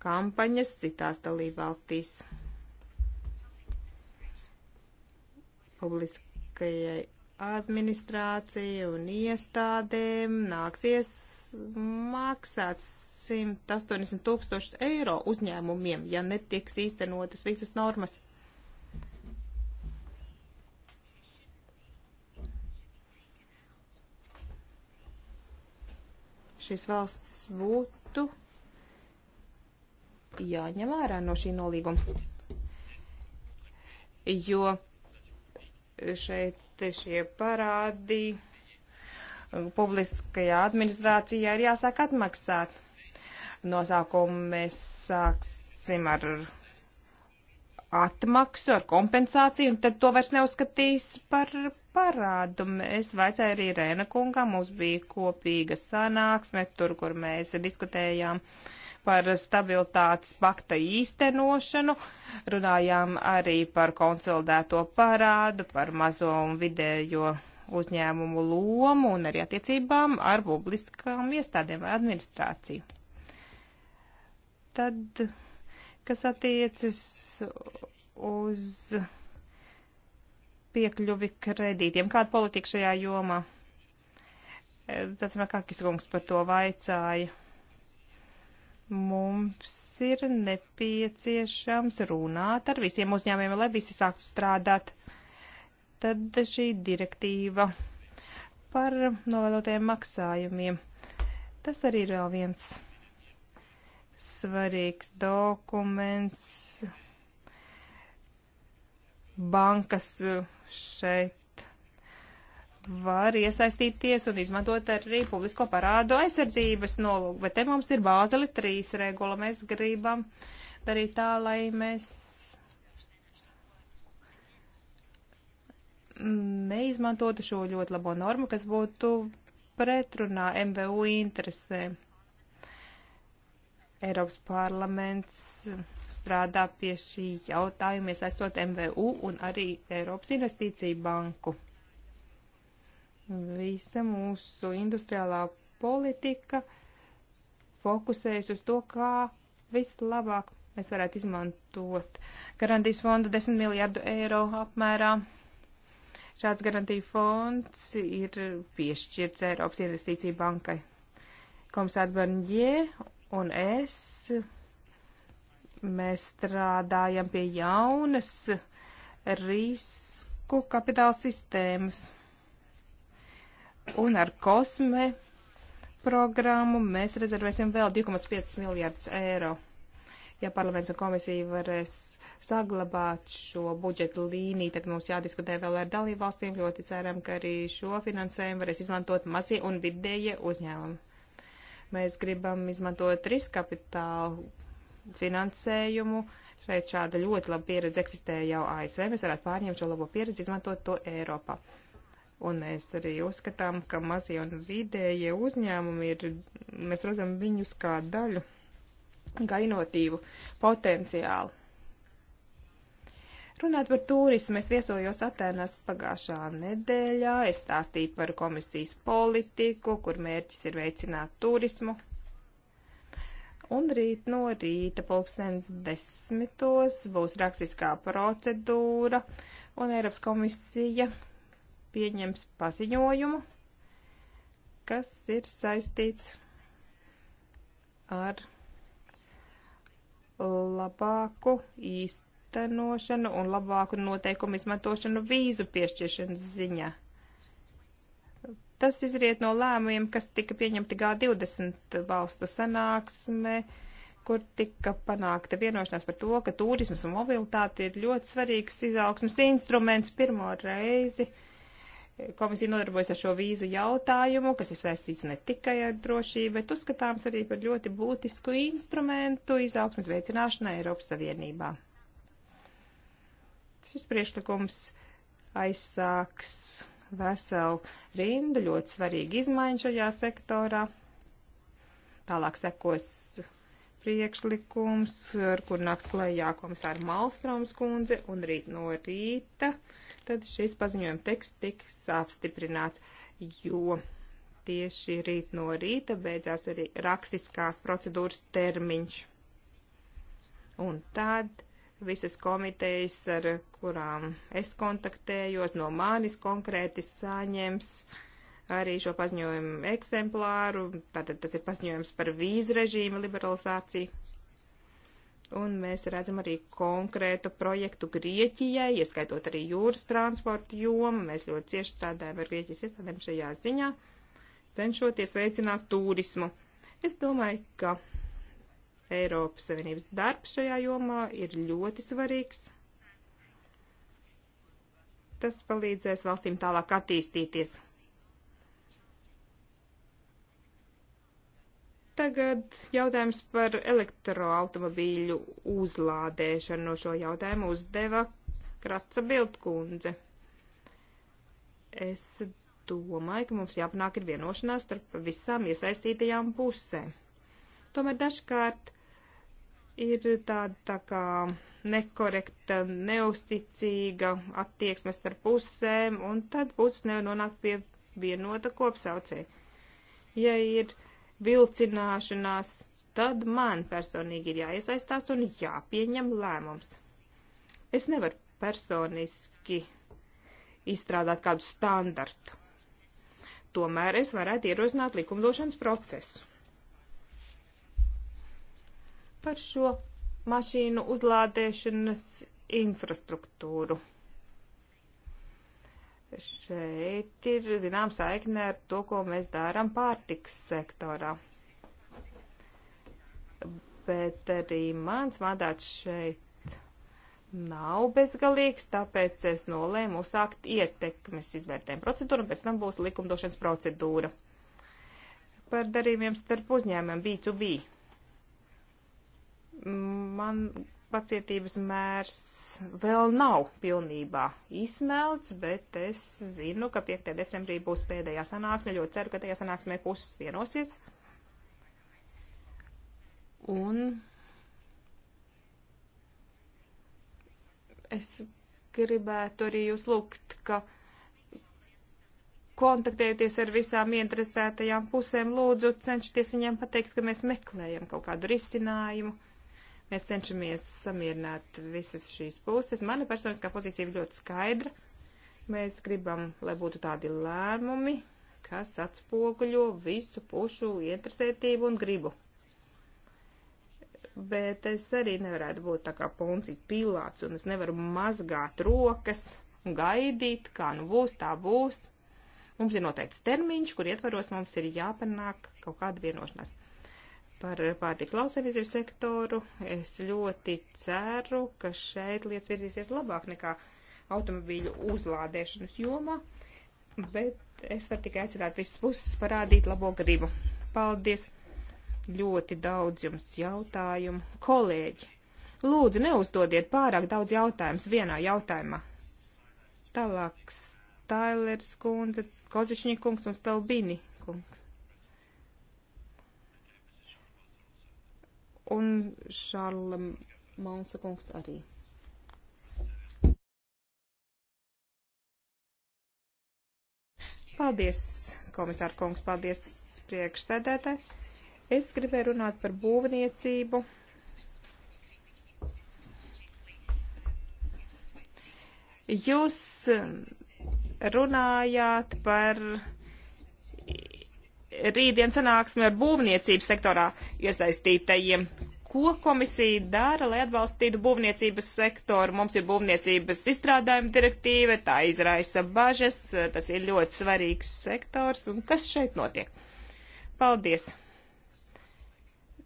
kampaņas citās dalībvalstīs. valstīs. publiskajai administrācija un iestādēm nāksies maksāt 180 tūkstoši eiro uzņēmumiem, ja netiks īstenotas visas normas. Šīs valsts būtu jāņem ārā no šī nolīguma, jo šeit šie parādi publiskajā administrācijā ir jāsāk atmaksāt. Nosākumu mēs sāksim ar atmaksu, ar kompensāciju, un tad to vairs neuzskatīs par parādu. Es vaicāju arī Rēna kungam, mums bija kopīga sanāksme tur, kur mēs diskutējām uh, par stabilitātes pakta īstenošanu, runājām arī par konsolidēto parādu, par mazo un vidējo uzņēmumu lomu un arī attiecībām ar publiskām iestādēm vai administrāciju. Tad, kas attiecas uz piekļuvi kredītiem, kāda politika šajā jomā? Tāds Makakis kungs par to vaicāja mums ir nepieciešams runāt ar visiem uzņēmumiem, lai visi sāktu strādāt. Tad šī direktīva par novēlotajiem maksājumiem. Tas arī ir vēl viens svarīgs dokuments. Bankas šeit var iesaistīties un izmantot arī publisko parādu aizsardzības nolūku. Bet te mums ir bāzeli trīs regula. Mēs gribam darīt tā, lai mēs neizmantotu šo ļoti labo normu, kas būtu pretrunā MVU interesēm. Eiropas parlaments strādā pie šī jautājuma, iesaistot MVU un arī Eiropas investīciju banku. Visa mūsu industriālā politika fokusējas uz to, kā vislabāk mēs varētu izmantot garantijas fondu 10 miljārdu eiro apmērā. Šāds garantija fonds ir piešķirts Eiropas investīcija bankai. Komisārs Barņē un es, mēs strādājam pie jaunas risku kapitāla sistēmas. Un ar kosme programmu mēs rezervēsim vēl 2,5 miljārdus eiro. Ja parlaments un komisija varēs saglabāt šo budžetu līniju, tad mums jādiskutē vēl ar dalībvalstīm. Ļoti ceram, ka arī šo finansējumu varēs izmantot mazie un vidējie uzņēmumi. Mēs gribam izmantot riskapitālu finansējumu. Šeit šāda ļoti laba pieredze eksistē jau ASV. Mēs varētu pārņemt šo labo pieredzi, izmantot to Eiropā. Un mēs arī uzskatām, ka mazie un vidējie uzņēmumi ir, mēs redzam viņus kā daļu, kā inovatīvu potenciālu. Runāt par turismu, es viesojos Atēnās pagājušā nedēļā, es stāstīju par komisijas politiku, kur mērķis ir veicināt turismu. Un rīt no rīta pulkstens desmitos būs rakstiskā procedūra, un Eiropas komisija pieņems paziņojumu, kas ir saistīts ar labāku īstenošanu un labāku noteikumu izmantošanu vīzu piešķiršanas ziņā. Tas izriet no lēmumiem, kas tika pieņemti G20 valstu sanāksmē, kur tika panākta vienošanās par to, ka turismas un mobilitāte ir ļoti svarīgs izaugsmas instruments pirmo reizi. Uh, Komisija nodarbojas ar šo vīzu jautājumu, kas ir saistīts ne tikai ar drošību, bet uzskatāms arī par ļoti būtisku instrumentu izaugsmas veicināšanai Eiropas Savienībā. Šis priekšlikums aizsāks veselu rindu ļoti svarīgi izmaiņu šajā sektorā. Tālāk sekos priekšlikums, ar kur nāks klajā komisāra Malstroms kundze, un rīt no rīta, tad šis paziņojuma teksts tiks apstiprināts, jo tieši rīt no rīta beidzās arī rakstiskās procedūras termiņš. Un tad visas komitejas, ar kurām es kontaktējos, no manis konkrēti saņems uh, arī šo paziņojumu eksemplāru. Tātad tas ir paziņojums par vīzu režīmu liberalizāciju. Un mēs redzam arī konkrētu projektu Grieķijai, ieskaitot arī jūras transporta jomu. Mēs ļoti cieši strādājam ar Grieķijas iestādēm šajā ziņā, cenšoties veicināt turismu. Es domāju, ka Eiropas Savienības darbs šajā jomā ir ļoti svarīgs. Tas palīdzēs valstīm tālāk attīstīties. Tagad jautājums par elektroautomobīļu uzlādēšanu. Šo jautājumu uzdeva Kratsa Bildkundze. Es domāju, ka mums jāpanāk ir vienošanās starp visām iesaistītajām pusēm. Tomēr dažkārt ir tāda tā kā nekorekta, neusticīga attieksme starp pusēm, un tad puses nevar nonākt pie vienota kopsaucē. Ja ir uh, vilcināšanās, tad man personīgi ir jāiesaistās un jāpieņem lēmums. Es nevaru personiski izstrādāt kādu standartu. Tomēr es varētu ierosināt likumdošanas procesu. Par šo mašīnu uzlādēšanas infrastruktūru šeit ir zinām saikne ar to, ko mēs darām pārtiks sektorā. Bet arī mans mandāts šeit nav bezgalīgs, tāpēc es nolēmu uzsākt ietekmes izvērtējumu procedūru, un pēc tam būs likumdošanas procedūra par darījumiem starp uzņēmumiem B2B. Man pacietības mērs vēl nav pilnībā izsmelts, bet es zinu, ka 5. decembrī būs pēdējā sanāksme. Ļoti ceru, ka tajā sanāksmē puses vienosies. Un es gribētu arī jūs lūgt, ka kontaktēties ar visām interesētajām pusēm, lūdzu, cenšaties viņiem pateikt, ka mēs meklējam kaut kādu risinājumu Mēs cenšamies samierināt visas šīs puses. Mana personiskā pozīcija ir ļoti skaidra. Mēs gribam, lai būtu tādi lēmumi, kas atspoguļo visu pušu interesētību un gribu. Bet es arī nevarētu būt tā kā puncīs pilāts, un es nevaru mazgāt rokas un gaidīt, kā nu būs, tā būs. Mums ir noteikts termiņš, kur ietvaros mums ir jāpanāk kaut kāda vienošanās par pārtiks lauksaimniecības sektoru. Es ļoti ceru, ka šeit lietas virzīsies labāk nekā automobīļu uzlādēšanas jomā, bet es varu tikai aicināt visas puses parādīt labo gribu. Paldies! Ļoti daudz jums jautājumu. Kolēģi, lūdzu, neuzdodiet pārāk daudz jautājumus vienā jautājumā. Tālāk Stailers kundze, Kozišņikungs un Stalbini kungs. un Šārla Maunsa kungs arī. Paldies, komisāra kungs, paldies priekšsēdētāji. Es gribēju runāt par būvniecību. Jūs runājāt par rītdien sanāksme ar būvniecības sektorā iesaistītajiem. Ko komisija dara, lai atbalstītu būvniecības sektoru? Mums ir būvniecības izstrādājuma direktīva, tā izraisa bažas, tas ir ļoti svarīgs sektors. Un kas šeit notiek? Paldies!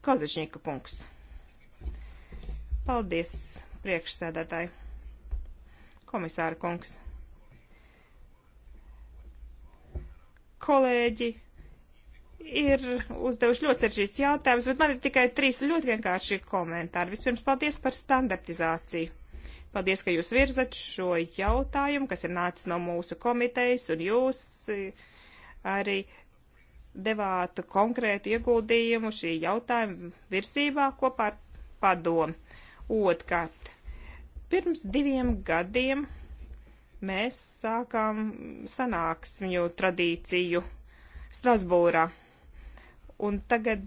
Kozačņika kungs. Paldies, priekšsēdētāji. Komisāra kungs. kolēģi ir uzdevuši ļoti saržīts jautājums, bet man ir tikai trīs ļoti vienkārši komentāri. Vispirms paldies par standartizāciju. Paldies, ka jūs virzat šo jautājumu, kas ir nācis no mūsu komitejas, un jūs eh, arī devāt konkrētu ieguldījumu šī jautājuma virsībā kopā ar padomu. Otkārt, pirms diviem gadiem mēs sākām sanāksmju tradīciju Strasbūrā. Un tagad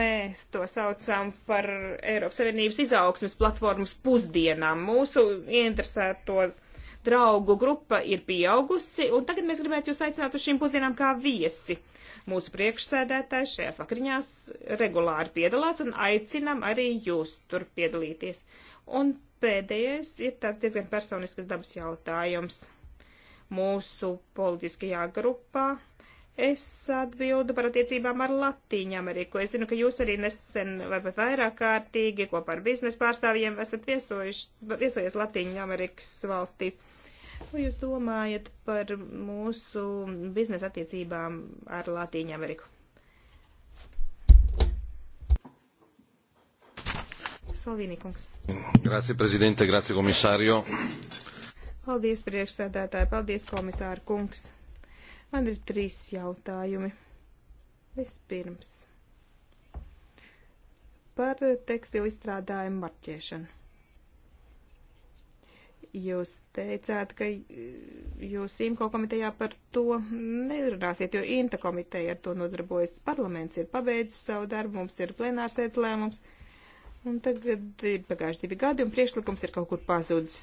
mēs to saucam par Eiropas Savienības izaugsmes platformas pusdienām. Mūsu interesēto draugu grupa ir pieaugusi, un tagad mēs gribētu jūs aicināt uz šīm pusdienām kā viesi. Mūsu priekšsēdētājs šajās vakariņās regulāri piedalās un aicinam arī jūs tur piedalīties. Un pēdējais ir tāds diezgan personisks dabas jautājums mūsu politiskajā grupā. Es atbildu par attiecībām ar Latīņu Ameriku. Es zinu, ka jūs arī nesen vai pat vairāk kārtīgi kopā ar biznesa pārstāvjiem esat viesojies Latīņu Amerikas valstīs. Ko jūs domājat par mūsu biznesa attiecībām ar Latīņu Ameriku? Salvini, kungs. Grazie, prezidente, grazie, komisārio. Paldies, priekšsēdētāji, paldies, komisāra kungs. Man ir trīs jautājumi. Vispirms. Par tekstilu izstrādājumu marķēšanu jūs teicāt, ka jūs IMCO komitejā par to nerunāsiet, jo INTA komiteja ar to nodarbojas. Parlaments ir pabeidzis savu darbu, mums ir plenārsēdes lēmums, un tagad ir pagājuši divi gadi, un priekšlikums ir kaut kur pazudis.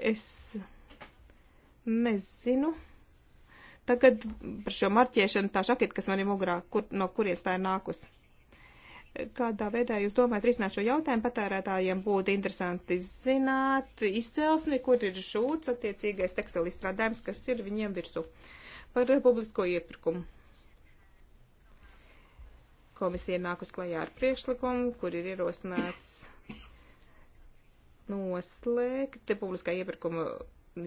Es nezinu. Tagad par šo marķēšanu tā šakita, kas man ir mugurā, kur, no kurienes tā ir nākus. Kādā veidā jūs domājat risināt šo jautājumu? Patērētājiem būtu interesanti zināt izcelsmi, kur ir šūts attiecīgais tekstilis strādājums, kas ir viņiem virsū par publisko iepirkumu. Komisija nāk uz klajā ar priekšlikumu, kur ir ierosināts noslēgt publiskā iepirkuma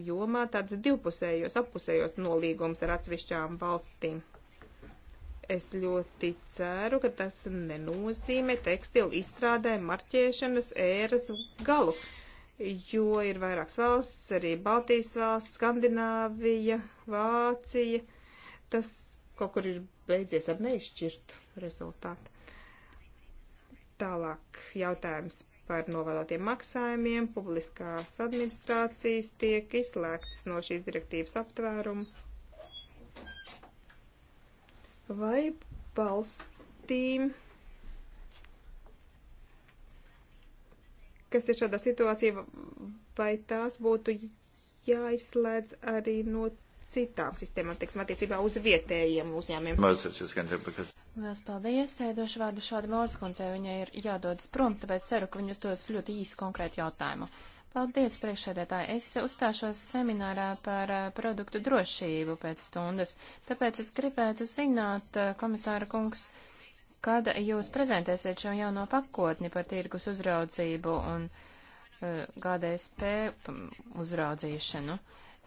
jomā tāds divpusējos, apusējos nolīgums ar atsevišķām valstīm. Es ļoti ceru, ka tas nenozīmē tekstilu izstrādē marķēšanas ēras galu, jo ir vairākas valsts, arī Baltijas valsts, Skandināvija, Vācija. Tas kaut kur ir beidzies ar neizšķirtu rezultātu. Tālāk jautājums par novēlotiem maksājumiem publiskās administrācijas tiek izslēgts no šīs direktīvas aptvērumu. Vai valstīm, kas ir šādā situācijā, vai tās būtu jāizslēdz arī no citām sistēmām, teiksim, attiecībā uz vietējiem uzņēmumiem? Lielas paldies. Došu vārdu šādi Molas kundzei. Viņai ir jādodas prom, tāpēc ceru, ka viņas dos ļoti īsu konkrētu jautājumu. Paldies, priekšsēdētāji. Es uzstāšos seminārā par eh, produktu drošību pēc stundas, tāpēc es gribētu zināt, eh, komisāra kungs, kad jūs prezentēsiet šo jauno pakotni par tirgus uzraudzību un uh, eh, GDSP mm, uzraudzīšanu.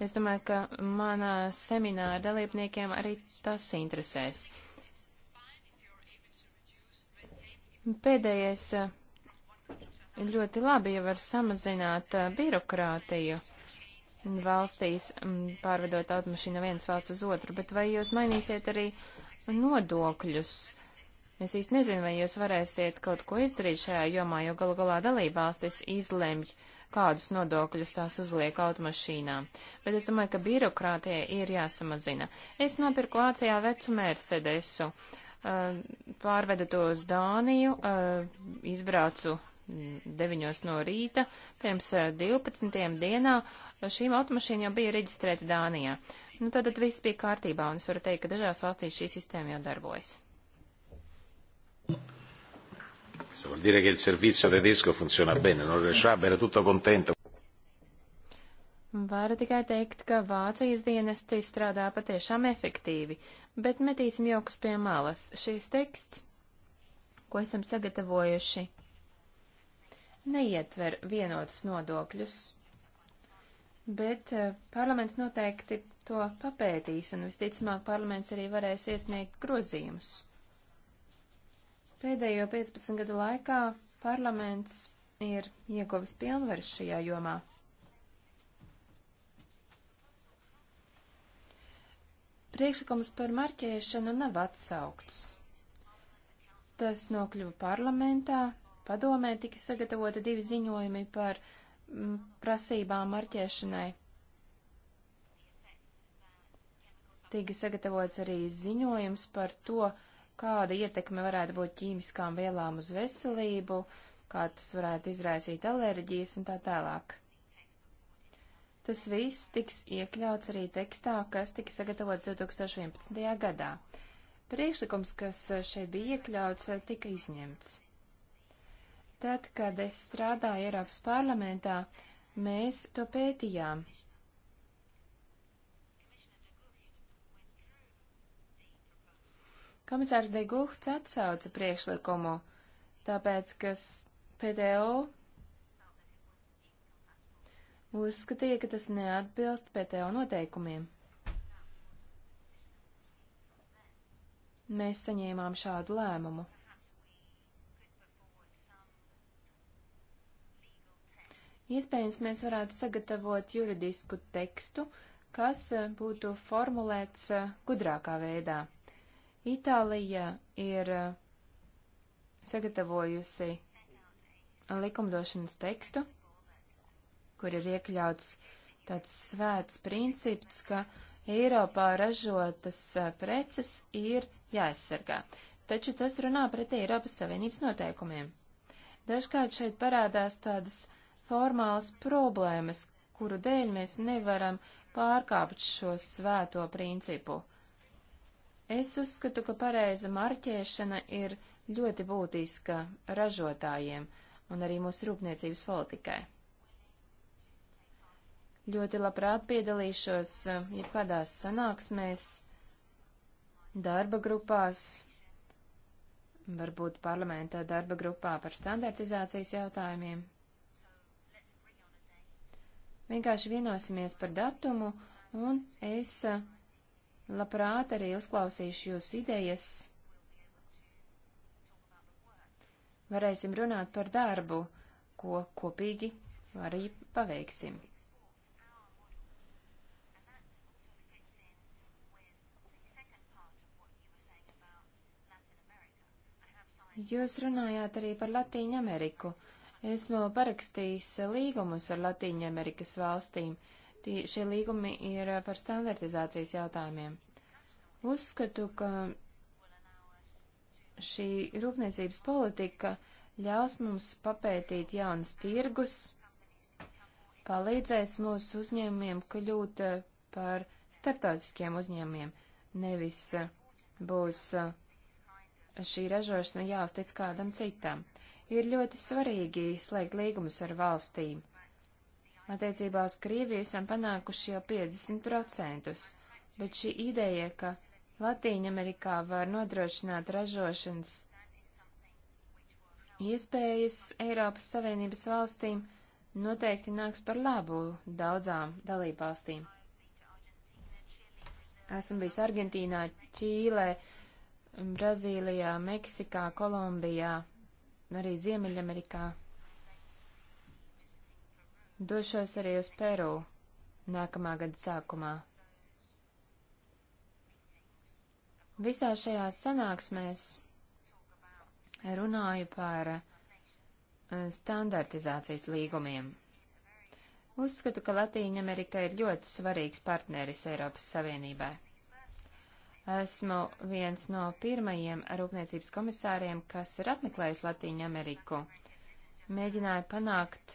Es domāju, ka manā semināra dalībniekiem arī tas interesēs. Pēdējais eh, ļoti labi, ja var samazināt eh, birokrātiju valstīs, mm, pārvedot automašīnu no vienas valsts uz otru, bet vai jūs mainīsiet arī nodokļus? Es īsti nezinu, vai jūs varēsiet kaut ko izdarīt šajā jomā, jo galu galā dalībvalstis izlemj, kādus nodokļus tās uzliek automašīnām. Bet es domāju, ka birokrātija ir jāsamazina. Es nopirku Vācijā vecu Mercedesu. Uh, Eh, pārveda to uz Dāniju, eh, izbraucu 9 no rīta, pirms 12 eh, dienā šīm automašīnām jau bija reģistrēta Dānijā. Nu, tātad viss bija kārtībā, un es varu teikt, ka dažās valstīs šī sistēma jau darbojas. Vuol dire che il servizio tedesco funziona bene, non Schwab era tutto contento. Varu tikai teikt, ka Vācijas dienesti strādā patiešām efektīvi, bet metīsim jokus pie malas. Šīs teksts, ko esam sagatavojuši, neietver vienotus nodokļus, bet eh, parlaments noteikti to papētīs, un visticamāk parlaments arī varēs iesniegt grozījumus. Pēdējo 15 gadu laikā parlaments ir ieguvis pilnvaru šajā jomā. Priekšlikums par marķēšanu nav atsaukts. Tas nokļuva parlamentā, padomē tika sagatavota divi ziņojumi par m, mm, prasībām marķēšanai. Tika sagatavots arī ziņojums par to, kāda ietekme varētu būt ķīmiskām vielām uz veselību, kā tas varētu izraisīt alerģijas un tā tālāk. Tas viss tiks iekļauts arī tekstā, kas tika sagatavots 2011. gadā. Priekšlikums, kas šeit bija iekļauts, tika izņemts. Tad, kad es strādāju Eiropas parlamentā, mēs to pētījām. Komisārs Deguhts atsauca priekšlikumu, tāpēc, ka PTO uzskatīja, ka tas neatbilst PTO noteikumiem. Mēs saņēmām šādu lēmumu. Iespējams, mēs varētu sagatavot juridisku tekstu, kas eh, būtu formulēts eh, gudrākā veidā. Itālija ir eh, sagatavojusi likumdošanas tekstu, kur ir iekļauts tāds svēts princips, ka Eiropā ražotas preces ir jāaizsargā. Taču tas runā pret Eiropas Savienības noteikumiem. Dažkārt šeit parādās tādas formālas problēmas, kuru dēļ mēs nevaram pārkāpt šo svēto principu. Es uzskatu, ka pareiza marķēšana ir ļoti būtiska ražotājiem un arī mūsu rūpniecības politikai. Ļoti labprāt piedalīšos eh, jebkādās sanāksmēs, darba grupās, varbūt parlamentā darba grupā par standartizācijas jautājumiem. Vienkārši vienosimies par datumu, un es eh, labprāt arī uzklausīšu jūsu idejas. Varēsim runāt par darbu, ko kopīgi arī paveiksim. Jūs runājāt arī par Latīņu Ameriku. Esmu parakstījis līgumus ar Latīņu Amerikas valstīm. Tī, šie līgumi ir par standartizācijas jautājumiem. Uzskatu, ka šī rūpniecības politika ļaus mums papētīt jaunus tirgus, palīdzēs mūsu uzņēmumiem kļūt par starptautiskiem uzņēmumiem, nevis būs uh, šī ražošana jāuztic kādam citam. Ir ļoti svarīgi slēgt līgumus ar valstīm. Attiecībā uz Krieviju esam panākuši jau 50%, bet šī ideja, ka Latīņamerikā var nodrošināt ražošanas iespējas Eiropas Savienības valstīm, noteikti nāks par labu daudzām dalībvalstīm. Esmu bijis Argentīnā, Čīlē, Brazīlijā, Meksikā, Kolumbijā, arī Ziemeļamerikā. Došos arī uz Peru nākamā gada sākumā. Visā šajās sanāksmēs runāju par eh, standartizācijas līgumiem. Uzskatu, ka Latīņa Amerika ir ļoti svarīgs partneris Eiropas Savienībai. Esmu viens no pirmajiem rūpniecības komisāriem, kas ir apmeklējis Latīņu Ameriku. Mēģināju panākt,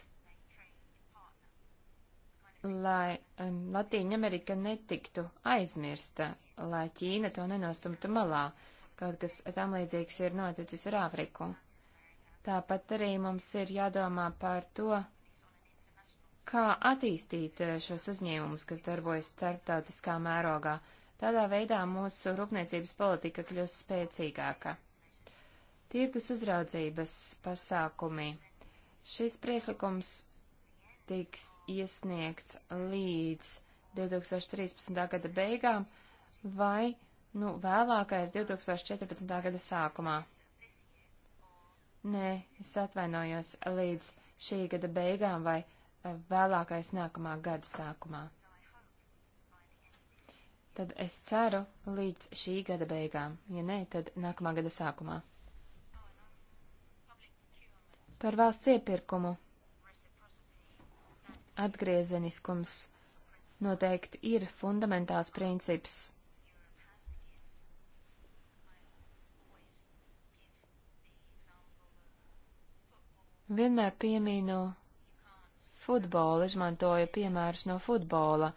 lai um, Latīņa Amerika netiktu aizmirsta, lai Ķīna to nenostumtu malā. Kaut kas tam līdzīgs ir noticis ar Āfriku. Tāpat arī mums ir jādomā par to, kā attīstīt uh, šos uzņēmumus, kas darbojas starptautiskā mērogā. Tādā veidā mūsu rūpniecības politika kļūst spēcīgāka. Tirgus uzraudzības pasākumi. Šis priekšlikums tiks iesniegts līdz 2013. gada beigām vai, nu, vēlākais 2014. gada sākumā. Nē, es atvainojos līdz šī gada beigām vai eh, vēlākais nākamā gada sākumā tad es ceru līdz šī gada beigām, ja nē, tad nākamā gada sākumā. Par valsts iepirkumu atgriezeniskums noteikti ir fundamentāls princips. Vienmēr piemīnu futbolu, izmantoju piemērus no futbola.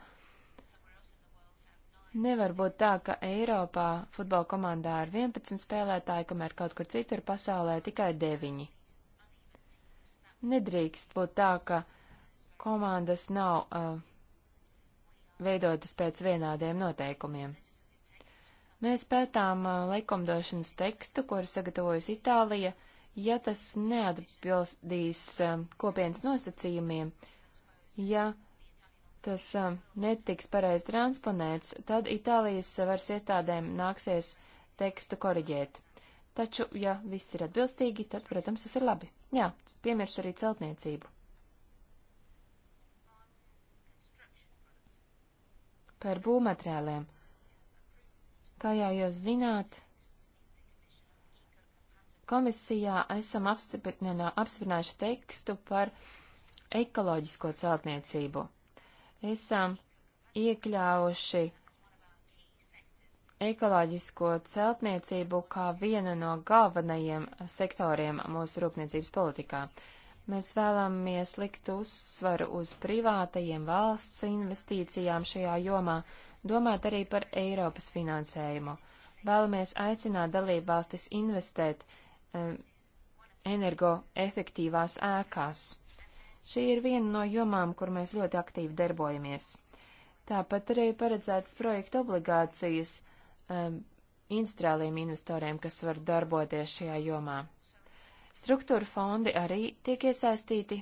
Nevar būt tā, ka Eiropā futbola komandā ir 11 spēlētāji, kamēr kaut kur citur pasaulē tikai 9. Nedrīkst būt tā, ka komandas nav uh, veidotas pēc vienādiem noteikumiem. Mēs pētām uh, likumdošanas tekstu, kuru sagatavojusi Itālija. Ja tas neatbilstīs uh, um, kopienas nosacījumiem, ja tas netiks pareizi transponēts, tad Itālijas varas iestādēm nāksies tekstu koriģēt. Taču, ja viss ir atbilstīgi, tad, protams, tas ir labi. Jā, piemirs arī celtniecību. Par būvmateriāliem. Kā jau jūs zināt, komisijā esam apstiprinājuši tekstu par ekoloģisko celtniecību esam iekļāvuši ekoloģisko celtniecību kā vienu no galvenajiem sektoriem mūsu rūpniecības politikā. Mēs vēlamies likt uzsvaru uz privātajiem valsts investīcijām šajā jomā, domāt arī par Eiropas finansējumu. Vēlamies aicināt dalībvalstis investēt um, energoefektīvās ēkās. Šī ir viena no jomām, kur mēs ļoti aktīvi darbojamies. Tāpat arī paredzētas projekta obligācijas um, instrāliem investoriem, kas var darboties šajā jomā. Struktūra fondi arī tiek iesaistīti.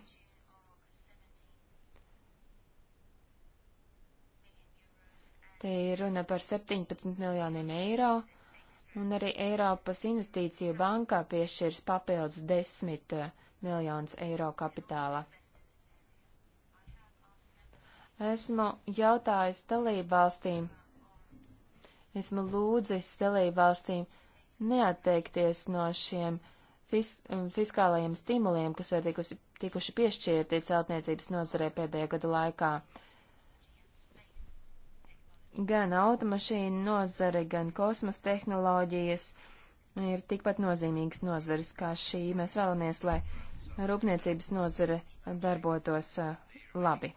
Te ir runa par 17 miljoniem eiro, un arī Eiropas investīciju bankā piešķirs papildus 10 eh, miljonus eiro kapitāla. Esmu jautājis dalībvalstīm, esmu lūdzis dalībvalstīm neatteikties no šiem fis mm, fiskālajiem stimuliem, kas ir tikusi, tikuši piešķirti celtniecības nozarē pēdējā gada laikā. Gan automašīnu nozare, gan kosmos tehnoloģijas ir tikpat nozīmīgas nozares kā šī. Mēs vēlamies, lai rūpniecības nozare darbotos labi.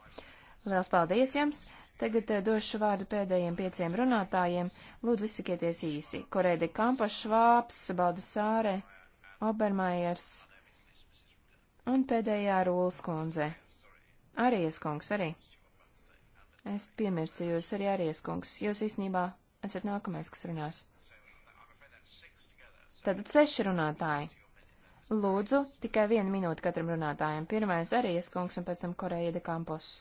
Liels paldies jums! Tagad eh, došu vārdu pēdējiem pieciem runātājiem. Lūdzu, izsakieties īsi. Korēde Kampa, Švāps, Baldasāre, Obermaiers un pēdējā Rūlas kundze. Arī es kungs, arī. Es piemirsu jūs arī arī es kungs. Jūs īstenībā esat nākamais, kas runās. Tātad seši runātāji. Lūdzu, tikai vienu minūti katram runātājam. Pirmais arī es kungs un pēc tam Koreja de Kampos.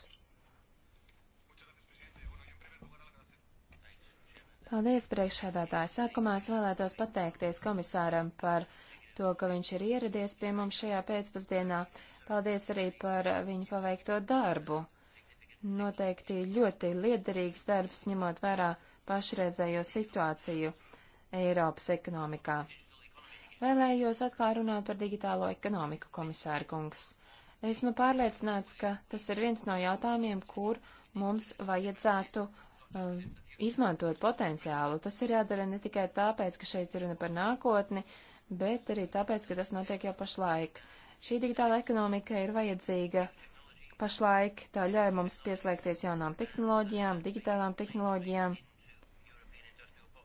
Paldies, priekšsēdētāji. Sākumā es vēlētos pateikties komisāram par to, ka viņš ir ieradies pie mums šajā pēcpusdienā. Paldies arī par viņu paveikto darbu. Noteikti ļoti liederīgs darbs, ņemot vērā pašreizējo situāciju Eiropas ekonomikā. Vēlējos atkal runāt par digitālo ekonomiku, komisāra kungs. Esmu pārliecināts, ka tas ir viens no jautājumiem, kur mums vajadzētu um, izmantot potenciālu. Tas ir jādara ne tikai tāpēc, ka šeit ir runa par nākotni, bet arī tāpēc, ka tas notiek jau pašlaik. Šī digitāla ekonomika ir vajadzīga pašlaik, tā ļauj mums pieslēgties jaunām tehnoloģijām, digitālām tehnoloģijām.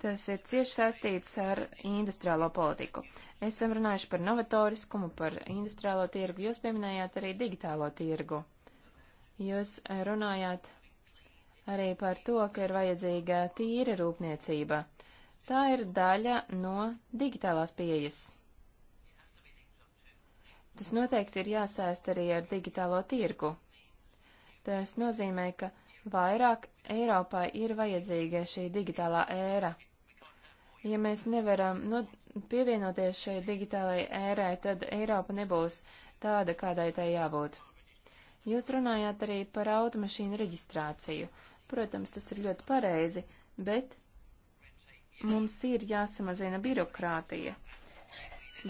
Tas ir cieši saistīts ar industriālo politiku. Esam runājuši par novatoriskumu, par industriālo tirgu, jūs pieminējāt arī digitālo tirgu. Jūs runājāt arī par to, ka ir vajadzīga tīra rūpniecība. Tā ir daļa no digitālās pieejas. Tas noteikti ir jāsaist arī ar digitālo tirgu. Tas nozīmē, ka vairāk Eiropai ir vajadzīga šī digitālā ēra. Ja mēs nevaram no, pievienoties šai digitālajai ērai, tad Eiropa nebūs tāda, kādai tai jābūt. Jūs runājāt arī par automašīnu reģistrāciju. Protams, tas ir ļoti pareizi, bet mums ir jāsamazina birokrātija,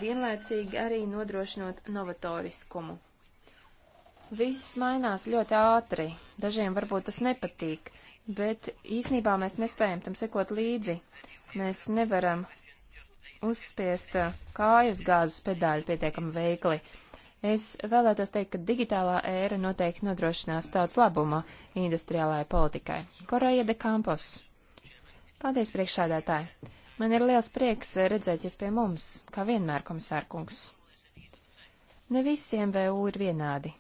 vienlaicīgi arī nodrošinot novatoriskumu. Viss mainās ļoti ātri, dažiem varbūt tas nepatīk, bet īsnībā mēs nespējam tam sekot līdzi. Mēs nevaram uzspiest uh, kājas gāzes pedāļu pietiekami veikli. Es vēlētos teikt, ka digitālā ēra noteikti nodrošinās daudz labuma industriālajai politikai. Koreja de Campos. Paldies, priekšsādētāji. Man ir liels prieks redzēt jūs pie mums, kā vienmēr, komisārkungs. Ne visiem VU ir vienādi.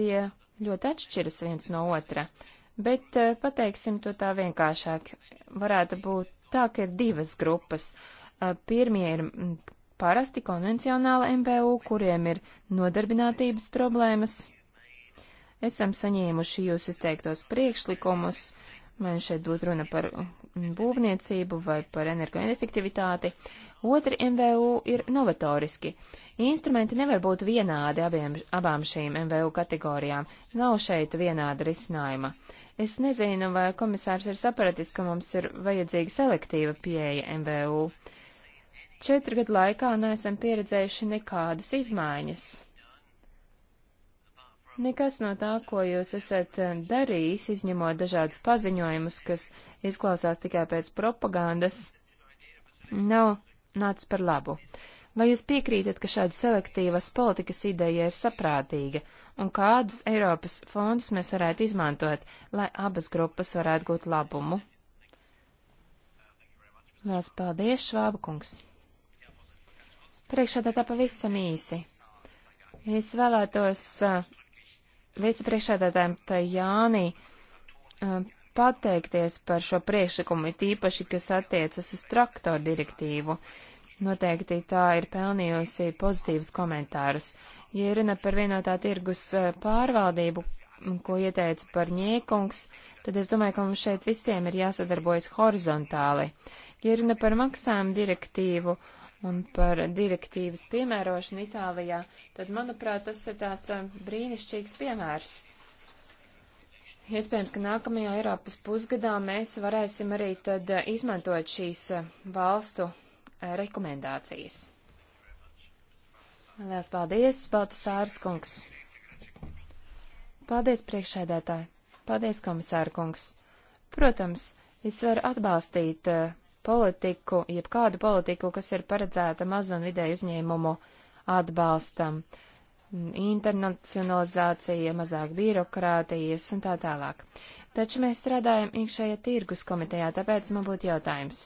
Tie ļoti atšķiras viens no otra, bet eh, pateiksim to tā vienkāršāk. Varētu būt tā, ka ir divas grupas. Eh, Pirmie ir mm, Parasti konvencionāli MBU, kuriem ir nodarbinātības problēmas. Esam saņēmuši jūs izteiktos priekšlikumus, man šeit būtu runa par būvniecību vai par energoefektivitāti. Otri MVU ir novatoriski. Instrumenti nevar būt vienādi abiem, abām šīm MVU kategorijām. Nav šeit vienāda risinājuma. Es nezinu, vai komisārs ir sapratis, ka mums ir vajadzīga selektīva pieeja MVU. Uh, Četru gadu laikā neesam pieredzējuši nekādas izmaiņas. Nekas no tā, ko jūs esat eh, darījis, izņemot dažādus paziņojumus, kas izklausās tikai pēc propagandas, nav nācis par labu. Vai jūs piekrītat, ka šāda selektīvas politikas ideja ir saprātīga, un kādus Eiropas fondus mēs varētu izmantot, lai abas grupas varētu gūt labumu? Lielas paldies, Švāba kungs! Priekšādātā pavisam īsi. Es vēlētos eh, vicepriekšādātājiem Tajānī eh, pateikties par šo priekšlikumu, tīpaši, kas attiecas uz traktoru direktīvu. Noteikti tā ir pelnījusi pozitīvus komentārus. Ja runa par vienotā tirgus eh, pārvaldību, ko ieteica par ņēkungs, tad es domāju, ka mums šeit visiem ir jāsadarbojas horizontāli. Ja runa par maksājumu direktīvu, uh, un par direktīvas piemērošanu Itālijā, tad, manuprāt, tas ir tāds brīnišķīgs piemērs. Iespējams, ka nākamajā Eiropas pusgadā mēs varēsim arī tad izmantot šīs valstu rekomendācijas. Lielas paldies, Baltasārs kungs. Paldies, priekšēdētāji. Paldies, komisāra kungs. Protams, es varu atbalstīt uh, politiku, jebkādu politiku, kas ir paredzēta mazu un vidēju uzņēmumu atbalstam. Internacionalizācija, mazāk birokrātijas un tā tālāk. Taču mēs strādājam iekšējā tirgus komitejā, tāpēc man būtu jautājums.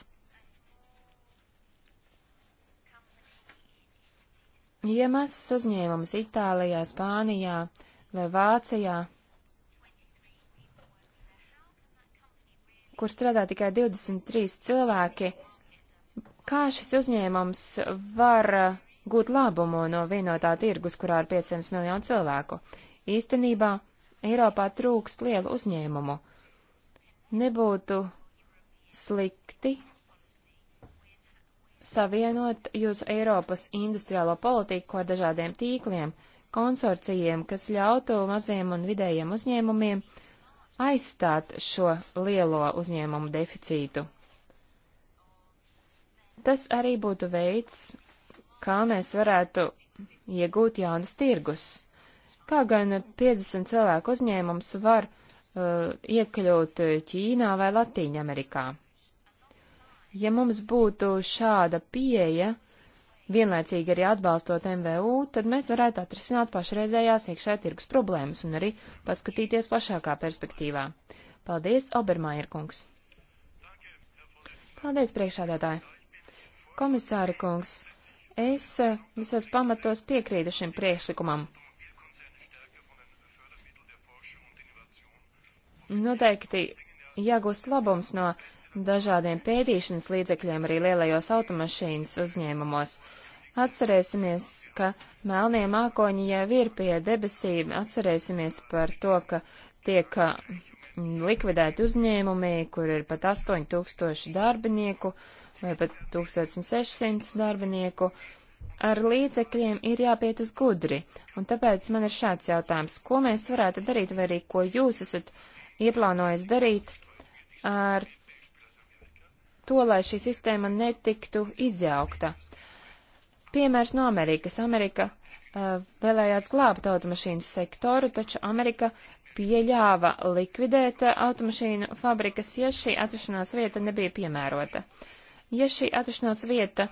Ja mazs uzņēmums Itālijā, Spānijā vai Vācijā kur strādā tikai 23 cilvēki, kā šis uzņēmums var uh, gūt labumu no vienotā tirgus, kurā ir 500 miljonu cilvēku? Īstenībā Eiropā trūkst lielu uzņēmumu. Nebūtu slikti savienot jūsu Eiropas industriālo politiku ar dažādiem tīkliem, konsorcijiem, kas ļautu maziem un vidējiem uzņēmumiem uh, aizstāt šo lielo uzņēmumu deficītu. Tas arī būtu veids, kā mēs varētu iegūt jaunus tirgus. Kā gan 50 cilvēku uzņēmums var uh, iekļūt Ķīnā vai Latīņamerikā? Ja mums būtu šāda pieeja, vienlaicīgi arī atbalstot MVU, tad mēs varētu atrisināt pašreizējās iekšē tirgus problēmas un arī paskatīties plašākā perspektīvā. Paldies, Obermaier kungs! Paldies, priekšādātāji! Komisāri kungs, es eh, visos pamatos piekrītu šim priekšlikumam. Noteikti jāgūst labums no dažādiem pētīšanas līdzekļiem arī lielajos automašīnas uzņēmumos. Atcerēsimies, ka melnie mākoņi jau ir pie debesīm, atcerēsimies par to, ka tiek likvidēti uzņēmumi, kur ir pat 8000 darbinieku vai pat 1600 darbinieku. Ar līdzekļiem ir jāpiet uz gudri, un tāpēc man ir šāds jautājums, ko mēs varētu darīt vai arī ko jūs esat ieplānojis darīt ar to, lai šī sistēma netiktu izjaukta. Piemērs no Amerikas. Amerika uh, vēlējās glābt automašīnu sektoru, taču Amerika pieļāva likvidēt automašīnu fabrikas, ja šī atrašanās vieta nebija piemērota. Ja šī atrašanās vieta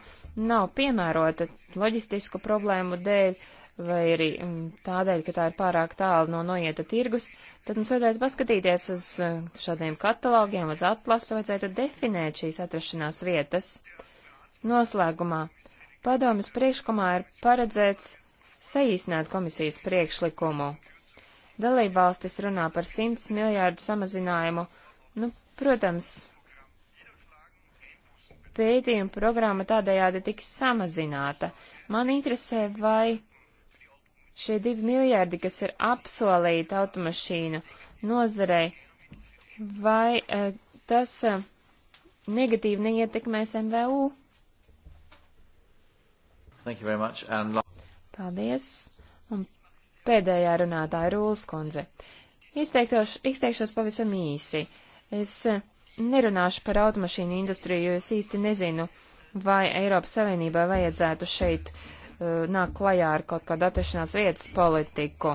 nav piemērota loģistisku problēmu dēļ, uh, vai arī mm, tādēļ, ka tā ir pārāk tālu no noieta tirgus, tad mums vajadzētu paskatīties uz mm, šādiem katalogiem, uz atlasu, vajadzētu definēt šīs atrašanās vietas. Noslēgumā padomas priekšlikumā ir paredzēts saīsināt komisijas priekšlikumu. Dalībvalstis runā par 100 miljārdu samazinājumu. Nu, protams, pētījuma programma tādējādi tiks samazināta. Man interesē, vai Šie divi miljārdi, kas ir apsolīti automašīnu nozarei, vai eh, tas eh, negatīvi neietekmēs MVU? And... Paldies. Un pēdējā runātāja Rūlas kundze. Izteiktos, izteikšos pavisam īsi. Es eh, nerunāšu par automašīnu industriju, jo es īsti nezinu, vai Eiropas Savienībā vajadzētu šeit uh, Eh, nāk klajā ar kaut kādu atrašanās vietas politiku.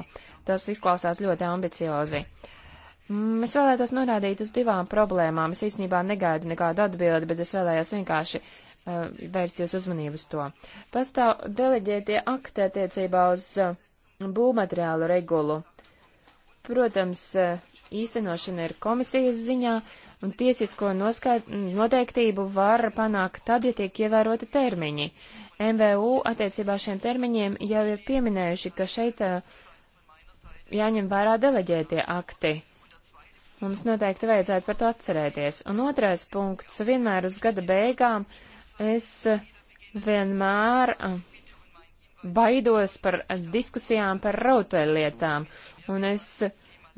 Tas izklausās ļoti ambiciozi. Mm, es vēlētos norādīt uz divām problēmām. Es īstenībā negaidu nekādu atbildi, bet es vēlējos vienkārši uh, vērst jūs uzmanību uz to. Pastāv deleģētie akti attiecībā uz uh, būvmateriālu regulu. Protams, uh, īstenošana ir komisijas ziņā, uh, un tiesisko noskait, noteiktību var panākt tad, ja tiek ievēroti termiņi. MVU attiecībā šiem termiņiem jau ir pieminējuši, ka šeit eh, jāņem vērā deleģētie akti. Mums noteikti vajadzētu par to atcerēties. Un otrais punkts - vienmēr uz gada beigām es eh, vienmēr eh, baidos par diskusijām par rautuļlietām, un es uh,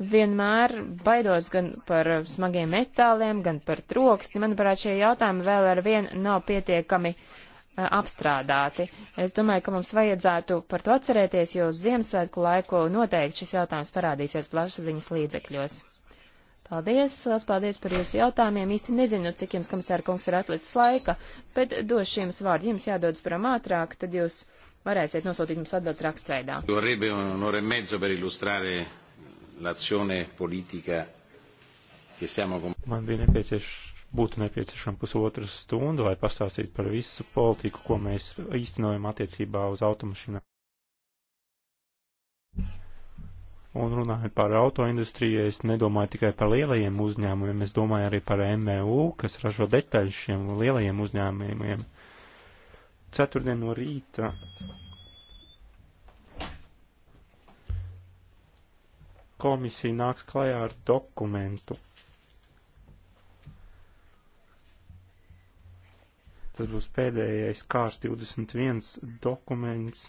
vienmēr baidos gan par smagiem metāliem, gan par troksni. Manuprāt, šie jautājumi vēl ar vienu nav pietiekami uh, apstrādāti. Es domāju, ka mums vajadzētu par to atcerēties, jo uz Ziemassvētku laiku noteikti šis jautājums parādīsies plašsaziņas līdzekļos. Paldies, liels paldies par jūsu jautājumiem. Īsti nezinu, cik jums komisāra kungs ir atlicis laika, bet došu jums vārdu. Jums jādodas prom ātrāk, tad jūs varēsiet nosūtīt mums atbildes rakstveidā l'azione politika, kas jāmāk. Man bija nepieciešams būtu nepieciešama pusotra stunda, lai pastāstītu par visu politiku, ko mēs īstenojam attiecībā uz automašīnām. Un runājot par autoindustriju, es nedomāju tikai par lielajiem uzņēmumiem, es domāju arī par MEU, kas ražo detaļas šiem lielajiem uzņēmumiem. Ceturtdien no rīta komisija nāks klajā ar dokumentu. Tas būs pēdējais kārs 21 dokuments.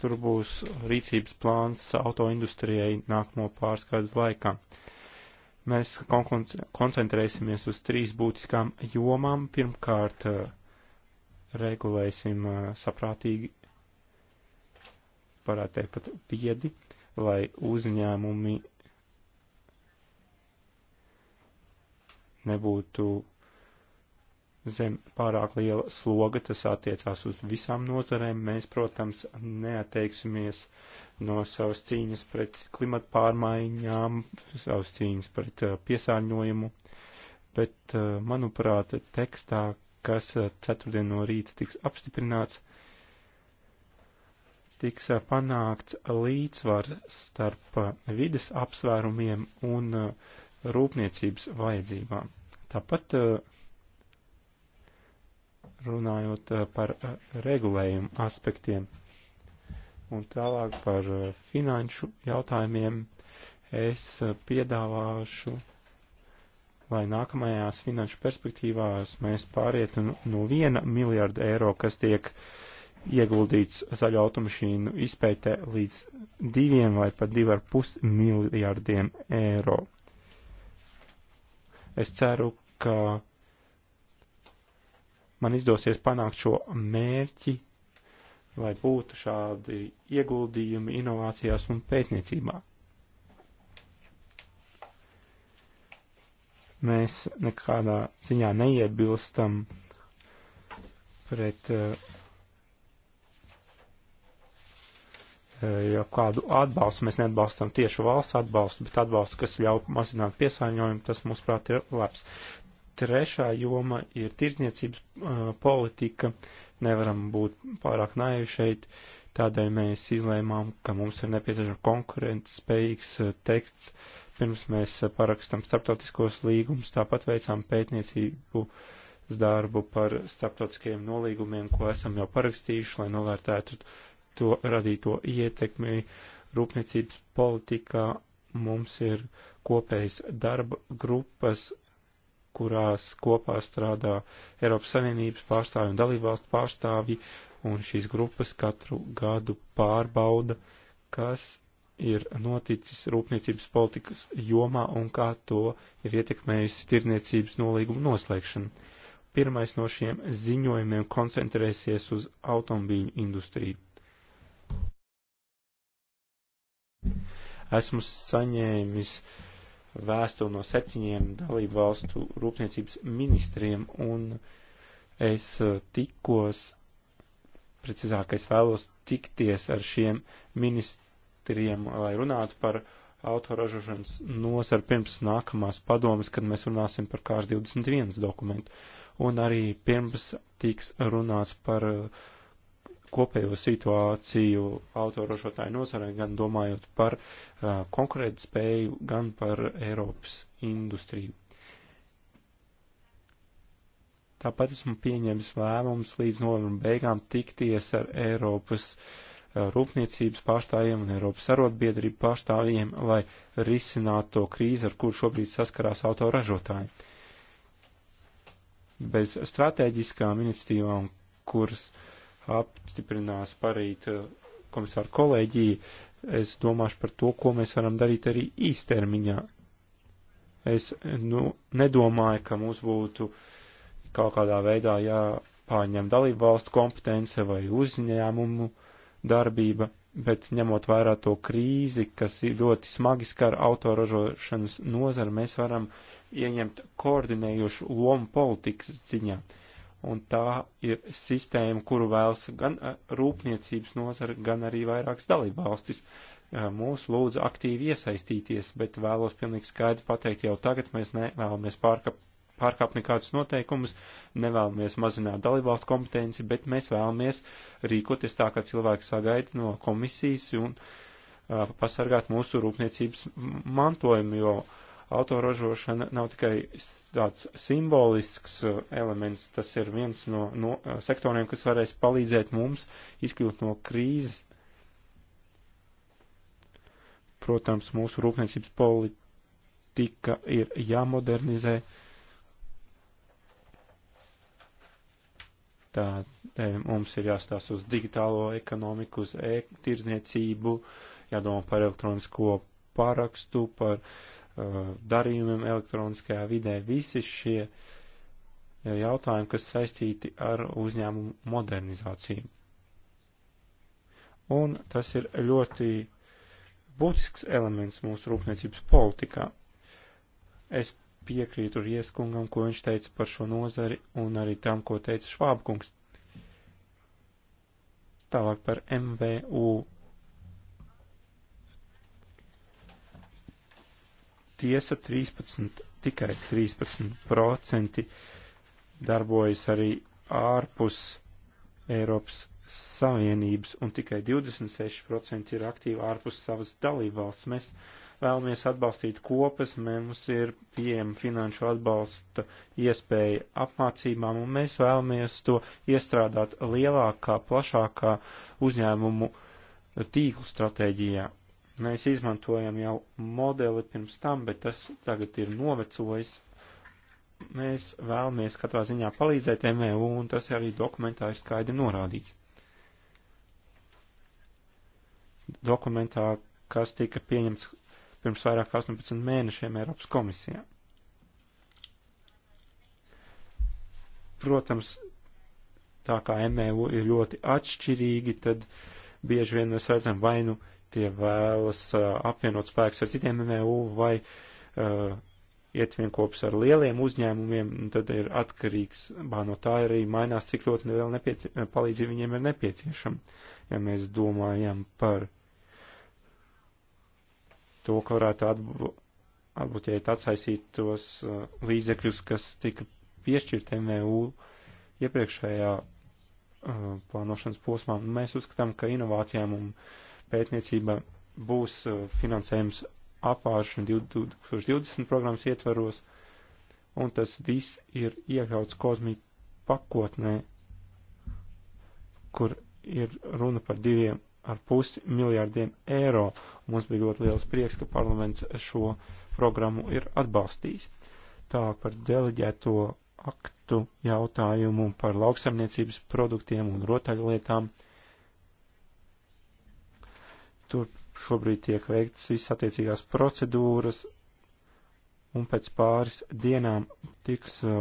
Tur būs rīcības plāns autoindustrijai nākamo pāris gadu laikā. Mēs koncentrēsimies uz trīs būtiskām jomām. Pirmkārt, eh, regulēsim eh, saprātīgi varētu teikt pat piedi, lai uzņēmumi nebūtu zem pārāk liela sloga, tas attiecās uz visām nozarēm. Mēs, protams, neatteiksimies no savas cīņas pret klimatu pārmaiņām, savas cīņas pret uh, piesārņojumu, bet, uh, manuprāt, tekstā, kas uh, ceturtdien no rīta tiks apstiprināts, tiks eh, panākts līdzsvars starp eh, vides apsvērumiem un eh, rūpniecības vajadzībām. Tāpat runājot par regulējumu aspektiem un tālāk par finanšu jautājumiem, es piedāvāšu, lai nākamajās finanšu perspektīvās mēs pārietu no viena miljarda eiro, kas tiek uh, ieguldīts zaļo automašīnu izpētē līdz diviem vai pat divi ar pus miljārdiem eiro. Es ceru, ka man izdosies panākt šo mērķi, lai būtu šādi ieguldījumi inovācijās un pētniecībā. Mēs nekādā ziņā neiebilstam pret uh, Eh, jau kādu atbalstu. Mēs neatbalstam tieši valsts atbalstu, bet atbalstu, kas ļauj mazināt piesāņojumu, tas, mūsuprāt, ir labs. Trešā joma ir tirzniecības uh, politika. Nevaram būt pārāk naivi šeit. Tādēļ mēs izlēmām, ka mums ir nepieciešams konkurents spējīgs uh, teksts, pirms mēs uh, parakstam starptautiskos līgumus. Tāpat veicām pētniecību darbu par starptautiskiem nolīgumiem, ko esam jau parakstījuši, lai novērtētu uh, to radīto ietekmi rūpniecības politikā. Mums ir kopējas darba grupas, kurās kopā strādā Eiropas Savienības pārstāvji un dalībvalstu pārstāvji, un šīs grupas katru gadu pārbauda, kas ir noticis rūpniecības politikas jomā un kā to ir ietekmējusi tirniecības nolīguma noslēgšana. Pirmais no šiem ziņojumiem koncentrēsies uz automobīļu industriju. Esmu saņēmis vēstuli no septiņiem dalību valstu rūpniecības ministriem, un es eh, tikos, precīzāk, es vēlos tikties ar šiem ministriem, lai runātu par autoražošanas nozaru pirms nākamās padomas, kad mēs runāsim par kārs 21 dokumentu, un arī pirms tiks runāts par uh, kopējo situāciju autorošotāju nozarē, gan domājot par uh, konkurētspēju, gan par Eiropas industriju. Tāpat esmu pieņēmis lēmumus līdz novembra beigām tikties ar Eiropas uh, rūpniecības pārstāvjiem un Eiropas arotbiedrību pārstāvjiem, lai risinātu to krīzi, ar kur šobrīd saskarās autoražotāji. Bez stratēģiskām iniciatīvām, kuras uh, apstiprinās parīt eh, komisāru kolēģiju, es domāšu par to, ko mēs varam darīt arī īstermiņā. Es nu, nedomāju, ka mums būtu kaut kādā veidā jāpārņem dalību valstu kompetence vai uzņēmumu darbība, bet ņemot vērā to krīzi, kas ļoti smagi skar autoražošanas nozaru, mēs varam ieņemt koordinējošu lomu politikas ziņā. Uh, un tā ir sistēma, kuru vēlas gan rūpniecības nozara, gan arī vairākas dalība valstis. Mūs lūdzu aktīvi iesaistīties, bet vēlos pilnīgi skaidri pateikt, jau tagad mēs nevēlamies pārkāpt pārkāpt nekādus noteikumus, nevēlamies mazināt dalībvalstu kompetenci, bet mēs vēlamies rīkoties tā, kā cilvēki sagaida no komisijas un uh, pasargāt mūsu rūpniecības mantojumu, jo uh, autoražošana nav tikai tāds simbolisks uh, elements, tas ir viens no, no uh, sektoriem, kas varēs palīdzēt mums izkļūt no krīzes. Protams, mūsu rūpniecības politika ir jāmodernizē. Tā mums ir jāstāsta uz digitālo ekonomiku, uz e-tirdzniecību, jādomā par elektronisko parakstu, par uh, Uh, darījumiem elektroniskajā vidē, visi šie uh, jautājumi, kas saistīti ar uzņēmumu modernizāciju. Un tas ir ļoti būtisks elements mūsu rūpniecības politikā. Es piekrītu Rieskungam, ko viņš teica par šo nozari, un arī tam, ko teica Švābkungs. Tālāk par MVU tiesa 13, tikai 13% darbojas arī ārpus Eiropas Savienības, un tikai 26% ir aktīvi ārpus savas dalībvalsts. Mēs vēlamies atbalstīt kopas, mums ir pieejama finanšu atbalsta iespēja apmācībām, un mēs vēlamies to iestrādāt lielākā, plašākā uzņēmumu tīklu stratēģijā. Mēs izmantojam jau modeli pirms tam, bet tas tagad ir novecojis. Mēs vēlamies katrā ziņā palīdzēt MEU, un tas arī dokumentā ir skaidri norādīts. Dokumentā, kas tika pieņemts pirms vairāk kā 18 mēnešiem Eiropas komisijā. Protams, tā kā MEU ir ļoti atšķirīgi, tad bieži vien mēs redzam vainu tie vēlas uh, apvienot spēkus ar citiem MVU vai uh, iet vienkopus ar lieliem uzņēmumiem, tad ir atkarīgs, bā no tā arī mainās, cik ļoti liela nepieci... palīdzība viņiem ir nepieciešama. Ja mēs domājam par to, ka varētu atbu... atbloķēt atsaisīt tos uh, līdzekļus, kas tika piešķirt MVU iepriekšējā uh, plānošanas posmā, mēs uzskatām, ka inovācijām un uh, pētniecība būs uh, finansējums apvāršana 2020 programmas ietvaros, un tas viss ir iekļauts kozmī pakotnē, kur ir runa par diviem ar pusi miljārdiem eiro. Mums bija ļoti liels prieks, ka parlaments šo programmu ir atbalstījis. Tālāk par deleģēto aktu jautājumu par lauksamniecības produktiem un rotaļlietām. lietām Tur šobrīd tiek veikts viss attiecīgās procedūras, un pēc pāris dienām tiks uh,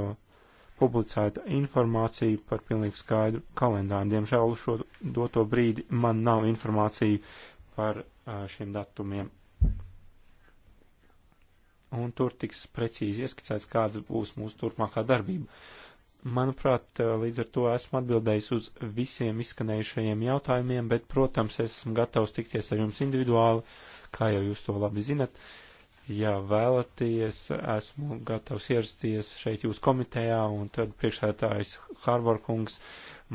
publicēta informācija par pilnīgi skaidru kalendāru. Diemžēl šo doto brīdi man nav informācija par uh, šiem datumiem. Un tur tiks precīzi ieskicēts, kāda būs mūsu turpmākā darbība. Manuprāt, eh, līdz ar to esmu atbildējis uz visiem izskanējušajiem jautājumiem, bet, protams, esmu gatavs tikties ar jums individuāli, kā jau jūs to labi zinat. Ja vēlaties, esmu gatavs ierasties šeit jūs komitejā, un tad priekšētājs Hārborkungs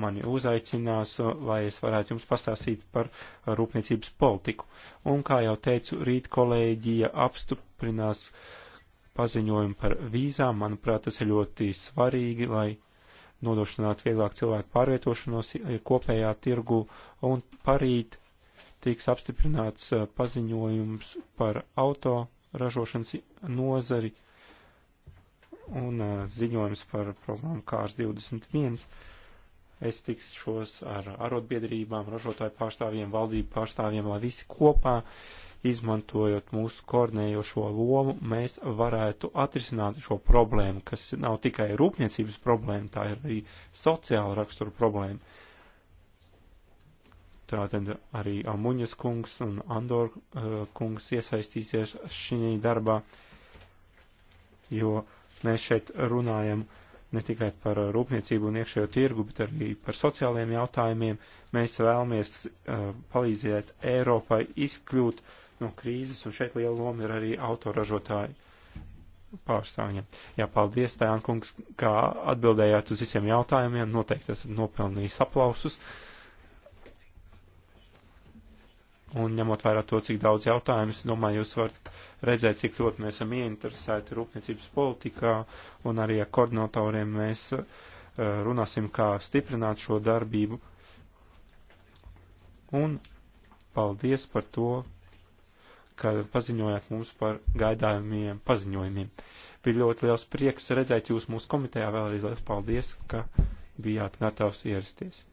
mani uzaicinās, lai es varētu jums pastāstīt par rūpniecības politiku. Un, kā jau teicu, rīt kolēģija apstiprinās uh, paziņojumu par vīzām. Manuprāt, tas ir ļoti svarīgi, lai nodrošinātu vieglāk cilvēku pārvietošanos kopējā tirgu. Un parīt tiks apstiprināts eh, paziņojums par auto ražošanas nozari un eh, ziņojums par programmu Kārs 21. Es tikšos ar arotbiedrībām, ražotāju pārstāvjiem, valdību pārstāvjiem, lai visi kopā uh, izmantojot mūsu koordinējošo lomu, mēs varētu atrisināt šo problēmu, kas nav tikai rūpniecības problēma, tā ir arī sociāla rakstura problēma. Tātad arī Amuņas kungs un Andor uh, kungs iesaistīsies šī darbā, jo mēs šeit runājam ne tikai par rūpniecību un iekšējo tirgu, bet arī par sociālajiem jautājumiem. Mēs vēlamies uh, palīdzēt Eiropai izkļūt uh, no krīzes, un šeit liela loma ir arī autoražotāji pārstāvjiem. Jā, paldies, Tājān kungs, kā atbildējāt uz visiem jautājumiem, noteikti esat nopelnījis aplausus. Un ņemot vērā to, cik daudz jautājumus, domāju, jūs varat redzēt, cik ļoti mēs esam ieinteresēti rūpniecības politikā un arī ar koordinatoriem mēs uh, runāsim, kā stiprināt šo darbību. Un paldies par to, ka paziņojāt mums par gaidāmiem paziņojumiem. Bija ļoti liels prieks redzēt jūs mūsu komitejā, vēlreiz liels paldies, ka bijāt gatavs ierasties.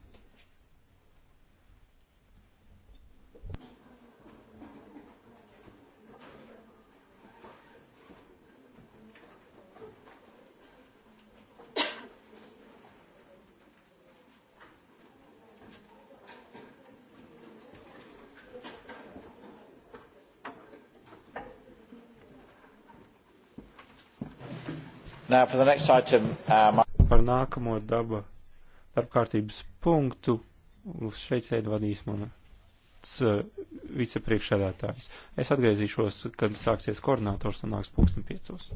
Now, item, um... Par nākamo daba darbkārtības punktu šeit sēd vadīs mana vicepriekšsēdētājs. Es atgriezīšos, kad sāksies koordinātors un nāks pūksteni piecos.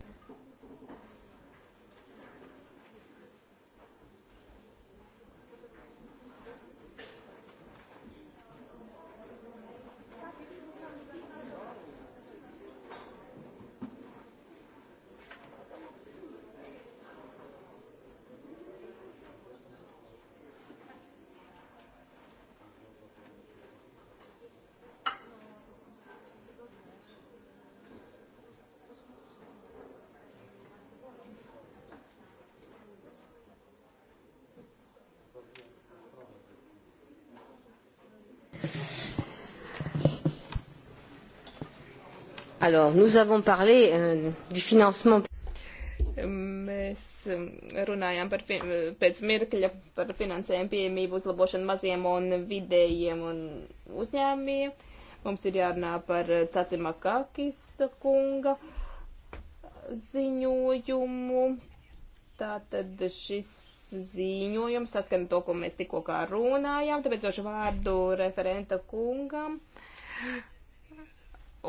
Alors, nous avons parlé euh, du financement. Mēs um, runājām par, pēc mirkļa par finansējumu pieejamību uzlabošanu maziem un vidējiem un uzņēmiem. Mums ir jārunā par uh, Cacimakakis kunga ziņojumu. Tātad šis ziņojums saskana to, ko mēs tikko kā runājām, tāpēc došu vārdu referenta kungam. Uh,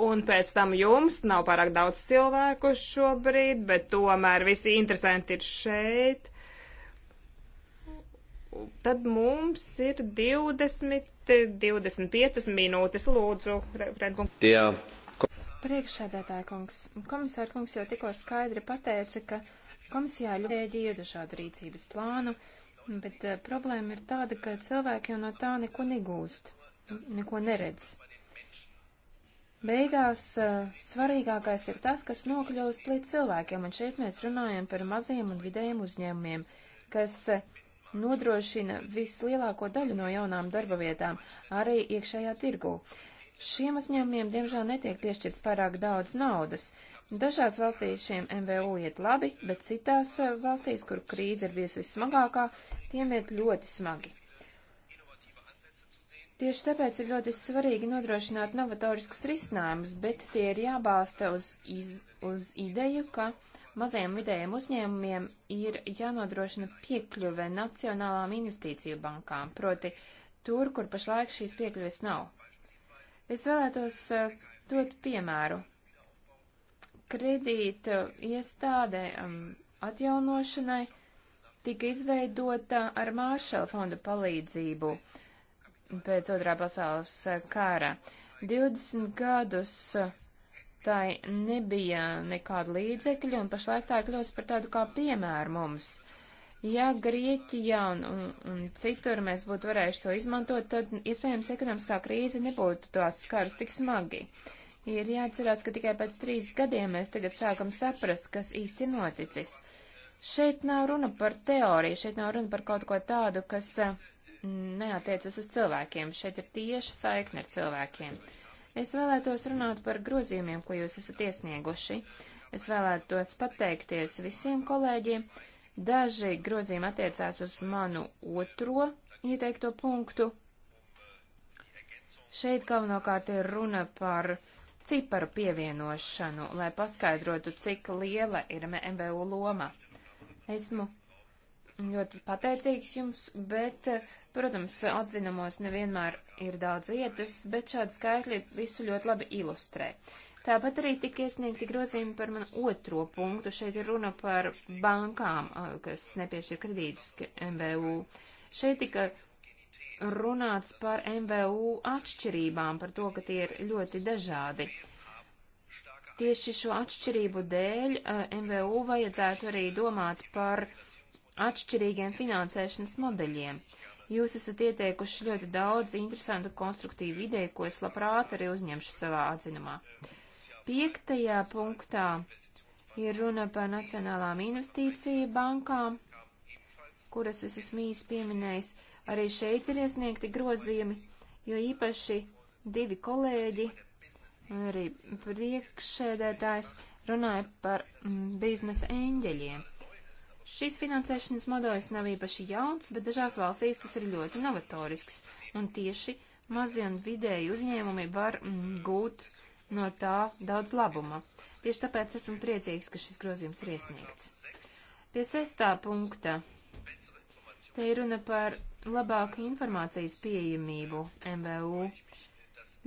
Un pēc tam jums nav pārāk daudz cilvēku šobrīd, bet tomēr visi interesanti ir šeit. Tad mums ir 20, 25 minūtes, lūdzu, Redgungs. Jā. Priekšsēdētāja kungs, komisāra kungs jau tikko skaidri pateica, ka komisijā ļoti ēģīja dažādu rīcības plānu, bet uh, problēma ir tāda, ka cilvēki jau no tā neko negūst, neko neredz. Uh, Beigās eh, svarīgākais ir tas, kas nokļūst līdz cilvēkiem, un šeit mēs runājam par maziem un vidējiem uzņēmumiem, kas eh, nodrošina vislielāko daļu no jaunām darba vietām, arī iekšējā tirgū. Šiem uzņēmumiem, diemžēl, netiek piešķirts pārāk daudz naudas. Dažās valstīs šiem MVU iet labi, bet citās eh, valstīs, kur krīze ir bijusi vissmagākā, tiem iet ļoti smagi. Tieši tāpēc ir ļoti svarīgi nodrošināt novatoriskus risinājumus, bet tie ir jābalsta uz, iz, uz ideju, ka mazajiem vidējiem uzņēmumiem ir jānodrošina piekļuve Nacionālām investīciju bankām, proti tur, kur pašlaik šīs piekļuves nav. Es vēlētos uh, dot piemēru. Kredīta iestāde um, atjaunošanai tika izveidota ar Māršala fonda palīdzību. Uh, pēc otrā pasaules kara. 20 gadus tai nebija nekāda līdzekļa, un pašlaik tā ir kļūst par tādu kā piemēru mums. Ja Grieķijā un, un, un citur mēs būtu varējuši to izmantot, tad iespējams ekonomiskā krīze nebūtu tās skārus tik smagi. Ir jāatcerās, ka tikai pēc trīs gadiem mēs tagad sākam saprast, kas īsti noticis. Šeit nav runa par teoriju, šeit nav runa par kaut ko tādu, kas uh, neatiecas uz cilvēkiem. Šeit ir tieša saikne ar cilvēkiem. Es vēlētos runāt par grozījumiem, ko jūs esat iesnieguši. Es vēlētos pateikties visiem kolēģiem. Daži grozījumi attiecās uz manu otro ieteikto punktu. Šeit galvenokārt ir runa par ciparu pievienošanu, lai paskaidrotu, cik liela ir MVU loma. Esmu ļoti pateicīgs jums, bet, protams, atzinumos nevienmēr ir daudz vietas, bet šādi skaitļi visu ļoti labi ilustrē. Tāpat arī tika iesniegti grozījumi par manu otro punktu. Šeit ir runa par bankām, kas nepiešķir kredītus MVU. Šeit tika runāts par MVU atšķirībām, par to, ka tie ir ļoti dažādi. Tieši šo atšķirību dēļ MVU vajadzētu arī domāt par uh, atšķirīgiem finansēšanas modeļiem. Jūs esat ieteikuši ļoti daudz interesantu konstruktīvu ideju, ko es labprāt arī uzņemšu savā atzinumā. Piektajā punktā ir runa par nacionālām investīciju bankām, kuras es esmu īsti pieminējis. Arī šeit ir iesniegti grozījumi, jo īpaši divi kolēģi un arī priekšsēdētājs runāja par mm, biznesa eņģeļiem. Šis finansēšanas modelis nav īpaši jauns, bet dažās valstīs tas ir ļoti novatorisks, un tieši mazi un vidēji uzņēmumi var mm, gūt no tā daudz labuma. Tieši tāpēc esmu priecīgs, ka šis grozījums ir iesniegts. Pie sestā punkta. Te ir runa par labāku informācijas pieejamību MVU.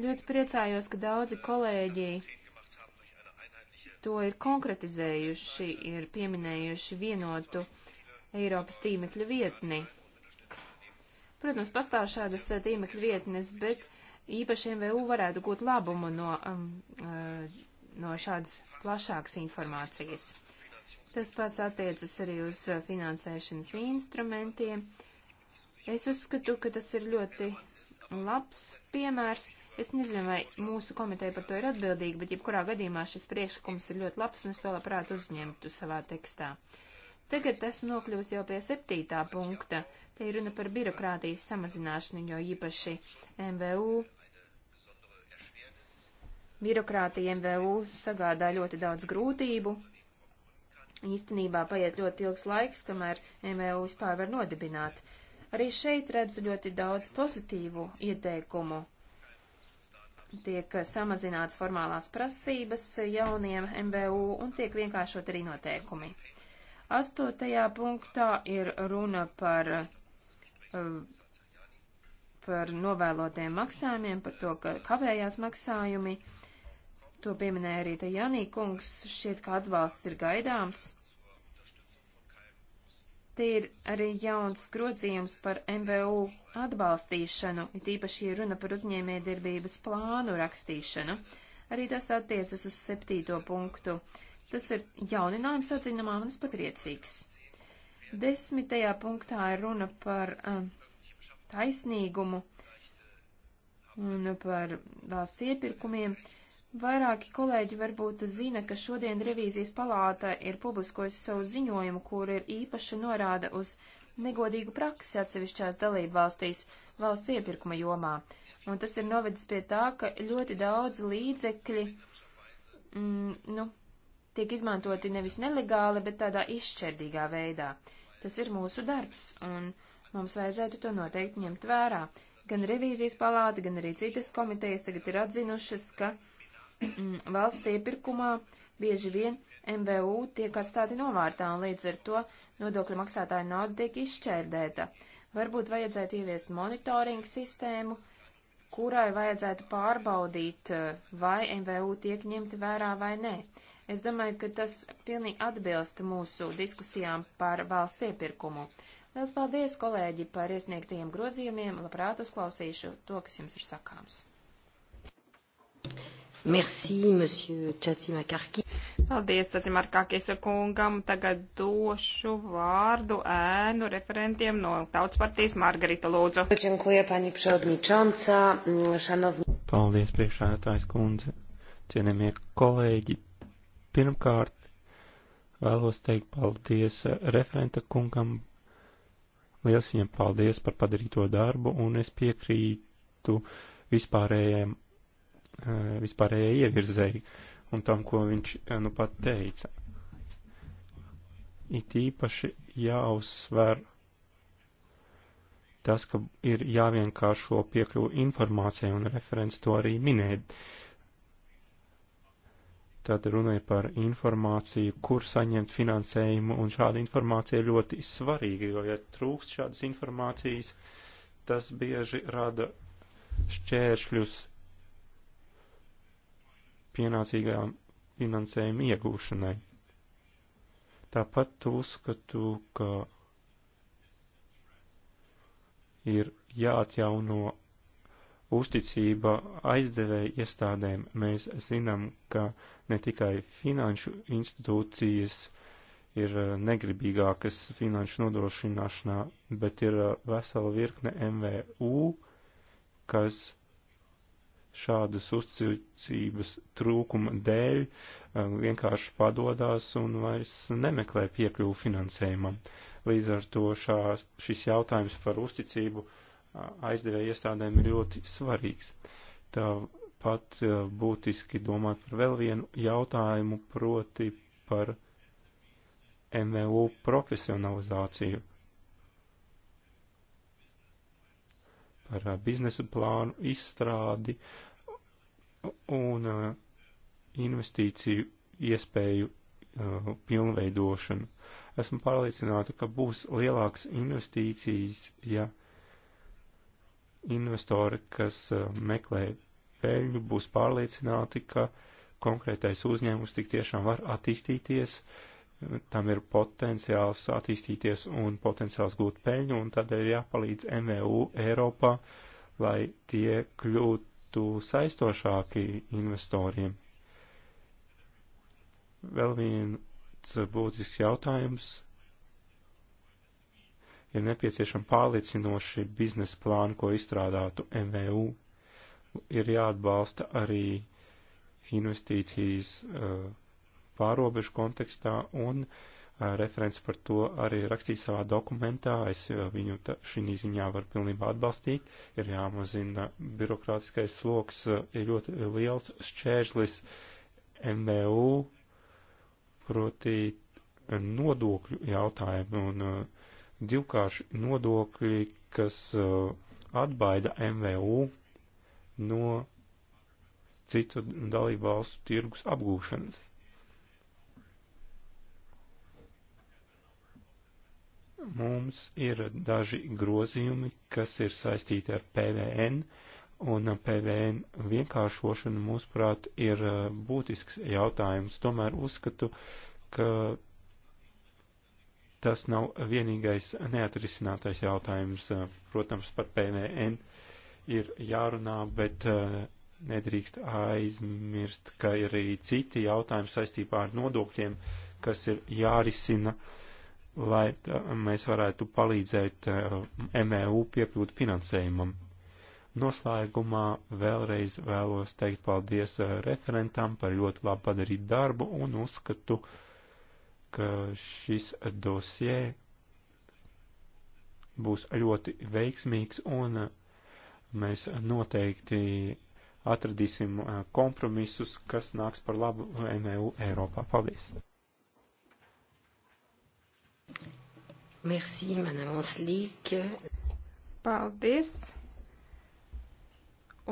Ļoti priecājos, ka daudzi kolēģi to ir konkretizējuši, ir pieminējuši vienotu Eiropas tīmekļu vietni. Protams, pastāv šādas eh, tīmekļu vietnes, bet īpaši MVU varētu gūt labumu no, um, eh, no šādas plašākas informācijas. Tas pats attiecas arī uz eh, finansēšanas instrumentiem. Es uzskatu, ka tas ir ļoti labs piemērs. Es nezinu, vai mūsu komiteja par to ir atbildīga, bet jebkurā gadījumā šis priekšlikums ir ļoti labs un es to labprāt uzņemtu savā tekstā. Tagad esmu nokļuvusi jau pie septītā punkta. Te ir runa par birokrātijas samazināšanu, jo īpaši MVU. Birokrātija MVU sagādā ļoti daudz grūtību. Īstenībā paiet ļoti ilgs laiks, kamēr MVU vispār var nodibināt. Uh, Arī šeit redzu ļoti daudz pozitīvu ieteikumu. Tiek samazināts formālās prasības jauniem MBU un tiek vienkāršot arī noteikumi. Astotajā punktā ir runa par, uh, par novēlotiem maksājumiem, par to, ka kavējās maksājumi. To pieminēja arī Tajānī kungs, šķiet, ka atbalsts ir gaidāms. Te ir arī jauns grozījums par MVU atbalstīšanu, it īpaši, ja runa par uzņēmējdarbības plānu rakstīšanu. Arī tas attiecas uz septīto punktu. Tas ir jauninājums atzinamā un es pat priecīgs. Desmitajā punktā ir runa par um, taisnīgumu un par valsts iepirkumiem. Uh, Vairāki kolēģi varbūt zina, ka šodien revīzijas palāta ir publiskojusi savu ziņojumu, kur ir īpaši norāda uz negodīgu praksi atsevišķās dalību valstīs valsts iepirkuma jomā. Un tas ir novedis pie tā, ka ļoti daudz līdzekļi, mm, nu, tiek izmantoti nevis nelegāli, bet tādā izšķerdīgā veidā. Tas ir mūsu darbs, un mums vajadzētu to noteikti ņemt vērā. Gan revīzijas palāta, gan arī citas komitejas tagad ir atzinušas, ka Mm, valsts iepirkumā bieži vien MVU tiek atstāti novārtā un līdz ar to nodokļu maksātāju nauda tiek izšķērdēta. Varbūt vajadzētu ieviest monitoringu sistēmu, kurai vajadzētu pārbaudīt, eh, vai MVU tiek ņemti vērā vai nē. Es domāju, ka tas pilnīgi atbilst mūsu diskusijām par valsts iepirkumu. Liels paldies, kolēģi, par iesniegtajiem grozījumiem. Labprāt uzklausīšu to, kas jums ir sakāms. Merci, monsieur Čacimakarki. Paldies, Čacimakarkis kungam. Tagad došu vārdu ēnu referentiem no Tautas partijas Margarita Lūdzu. Čenkuja, pani Pšodničonca, šanovni. Paldies, priekšētājs kundze. Cienījamie kolēģi, pirmkārt vēlos teikt paldies referenta kungam. Liels viņam paldies par padarīto darbu, un es piekrītu vispārējiem vispārējai ievirzēji un tam, ko viņš nu pat teica. It īpaši jāuzsver tas, ka ir jāvienkāršo piekļuvu informācijai, un referents to arī minēja. Tad runa ir par informāciju, kur saņemt finansējumu, un šāda informācija ir ļoti svarīga, jo, ja trūkst šādas informācijas, tas bieži rada šķēršļus pienācīgajām finansējuma iegūšanai. Tāpat uzskatu, ka ir jāatjauno uzticība aizdevēja iestādēm. Mēs zinām, ka ne tikai finanšu institūcijas ir eh, negribīgākas finanšu nodrošināšanā, bet ir eh, vesela virkne MVU, kas šādas uzticības trūkuma dēļ eh, vienkārši padodās un vairs nemeklē piekļuvu finansējumam. Līdz ar to šā, šis jautājums par uzticību aizdevēja iestādēm ir ļoti svarīgs. Tāpat eh, būtiski domāt par vēl vienu jautājumu, proti par MVU profesionalizāciju. par biznesa plānu izstrādi un uh, investīciju iespēju uh, pilnveidošanu. Esmu pārliecināta, ka būs lielāks investīcijas, ja investori, kas uh, meklē peļņu, būs pārliecināti, ka konkrētais uzņēmums tik tiešām var attīstīties, uh, tam ir potenciāls attīstīties un potenciāls gūt peļņu, un tādēļ ir jāpalīdz MVU Eiropā, lai tie kļūtu saistošāki investoriem. Vēl viens būtisks jautājums. Ir nepieciešama pārliecinoši biznesa plāna, ko izstrādātu MVU. Ir jāatbalsta arī investīcijas uh, pārobežu kontekstā, un referents par to arī rakstīja savā dokumentā. Es viņu šī ziņā varu pilnībā atbalstīt. Ir jāmazina birokrātiskais sloks, ir ļoti liels šķēršlis MBU, proti nodokļu jautājumu un divkārši nodokļi, kas atbaida MVU no citu dalību valstu tirgus apgūšanas. Mums ir daži grozījumi, kas ir saistīti ar PVN, un PVN vienkāršošana, mūsuprāt, ir uh, būtisks jautājums. Tomēr uzskatu, ka tas nav vienīgais neatrisinātais jautājums. Uh, protams, par PVN ir jārunā, bet uh, nedrīkst aizmirst, ka ir arī citi jautājumi saistībā ar nodokļiem, kas ir jārisina. Uh, lai tā, mēs varētu palīdzēt eh, MEU piekļūt finansējumam. Noslēgumā vēlreiz vēlos teikt paldies eh, referentam par ļoti labi padarītu darbu un uzskatu, ka šis dosie būs ļoti veiksmīgs un eh, mēs noteikti atradīsim kompromisus, kas nāks par labu MEU Eiropā. Paldies! Merci, Madame Anslīk. Paldies.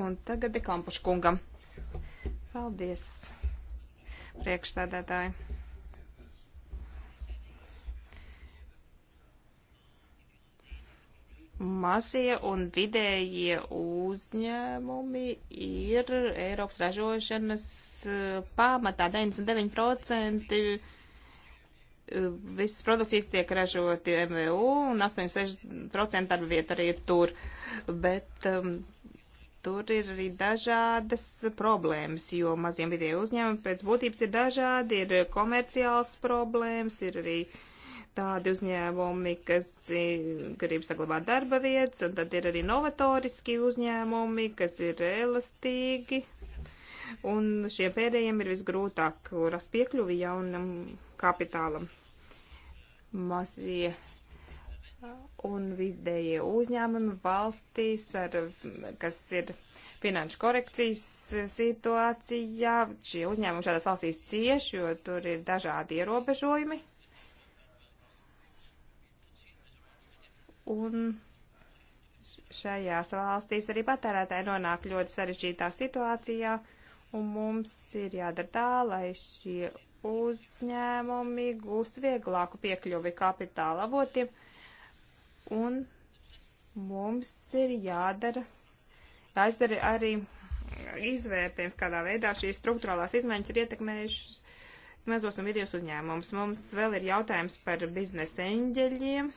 Un tagad Dekampuš kungam. Paldies, priekšsēdētāji. Mazie un vidējie uzņēmumi ir Eiropas ražošanas eh, pamatā 99% visas produkcijas tiek ražoti MVU un 86% darba vieta arī ir tur. Bet um, tur ir arī dažādas problēmas, jo maziem vidēju uzņēmumi pēc būtības ir dažādi, ir komerciāls problēmas, ir arī tādi uzņēmumi, kas grib saglabāt darba vietas, un tad ir arī novatoriski uzņēmumi, kas ir elastīgi, un šiem pēdējiem ir visgrūtāk rast piekļuvi jaunam kapitālam mazie un vidējie uzņēmumi valstīs, ar, kas ir finanšu korekcijas situācijā. Šie uzņēmumi šādās valstīs cieš, jo tur ir dažādi ierobežojumi. Un šajās valstīs arī patērētāji nonāk ļoti sarežģītā situācijā, un mums ir jādara tā, lai šie uzņēmumi gūst vieglāku piekļuvi kapitāla avotiem, un mums ir jādara, jāizdara arī izvērtējums, kādā veidā šīs struktūrālās izmaiņas ir ietekmējušas mazos un vidējos uzņēmumus. Mums vēl ir jautājums par biznesa eņģeļiem.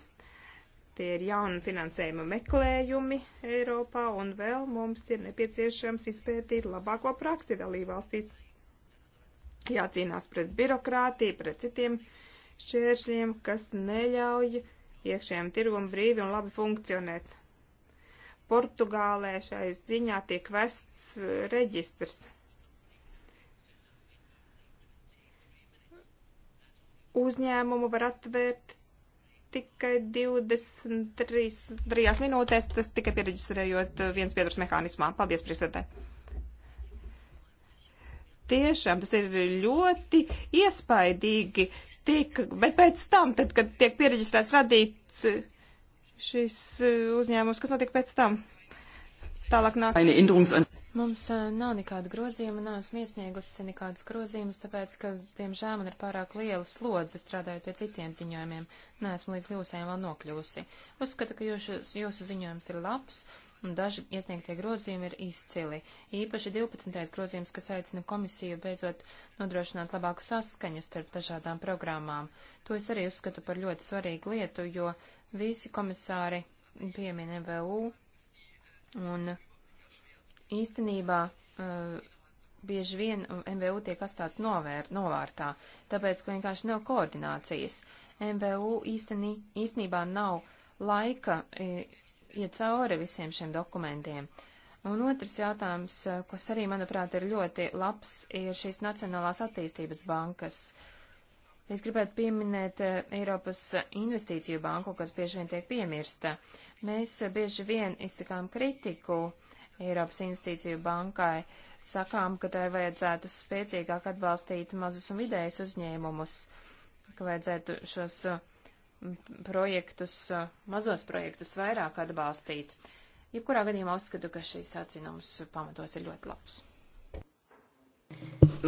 Tie ir jauni finansējuma meklējumi Eiropā, un vēl mums ir nepieciešams izpētīt labāko praksi dalībvalstīs. valstīs jācīnās pret birokrātiju, pret citiem šķēršļiem, kas neļauj iekšējiem tirgum brīvi un labi funkcionēt. Portugālē šai ziņā tiek vests eh, reģistrs. Uzņēmumu var atvērt tikai 23 minūtēs, tas tikai pieregistrējot eh, viens pieturas mehānismā. Paldies, prezidentē! tiešām tas ir ļoti iespaidīgi. Tik, bet pēc tam, tad, kad tiek pieregistrēts radīts eh, šis eh, uzņēmums, kas notiek pēc tam? Tālāk nāk. Mums eh, nav nekāda grozījuma, neesmu iesniegusi nekādus grozījumus, tāpēc, ka, diemžēl, man ir pārāk liela slodze strādājot pie citiem ziņojumiem. Neesmu līdz jūsējiem vēl nokļūsi. Uzskatu, ka jūsu, jūsu ziņojums ir labs, un daži iesniegtie grozījumi ir izcili. Īpaši 12. grozījums, kas aicina komisiju beidzot nodrošināt labāku saskaņu starp dažādām programmām. To es arī uzskatu par ļoti svarīgu lietu, jo visi komisāri piemin MVU un īstenībā uh, bieži vien MVU tiek atstāti novēr, novārtā, tāpēc, ka vienkārši nav koordinācijas. MVU īstenī, īstenībā nav laika eh, iet cauri visiem šiem dokumentiem. Un otrs jautājums, eh, kas arī, manuprāt, ir ļoti labs, ir šīs Nacionālās attīstības bankas. Es gribētu pieminēt eh, Eiropas investīciju banku, kas bieži vien tiek piemirsta. Mēs eh, bieži vien izsakām kritiku Eiropas investīciju bankai, sakām, ka tai vajadzētu spēcīgāk atbalstīt mazus un vidējus uzņēmumus, ka vajadzētu šos uh, projektus, mazos projektus vairāk atbalstīt. Jebkurā gadījumā uzskatu, ka šīs atzinums pamatos ir ļoti labs.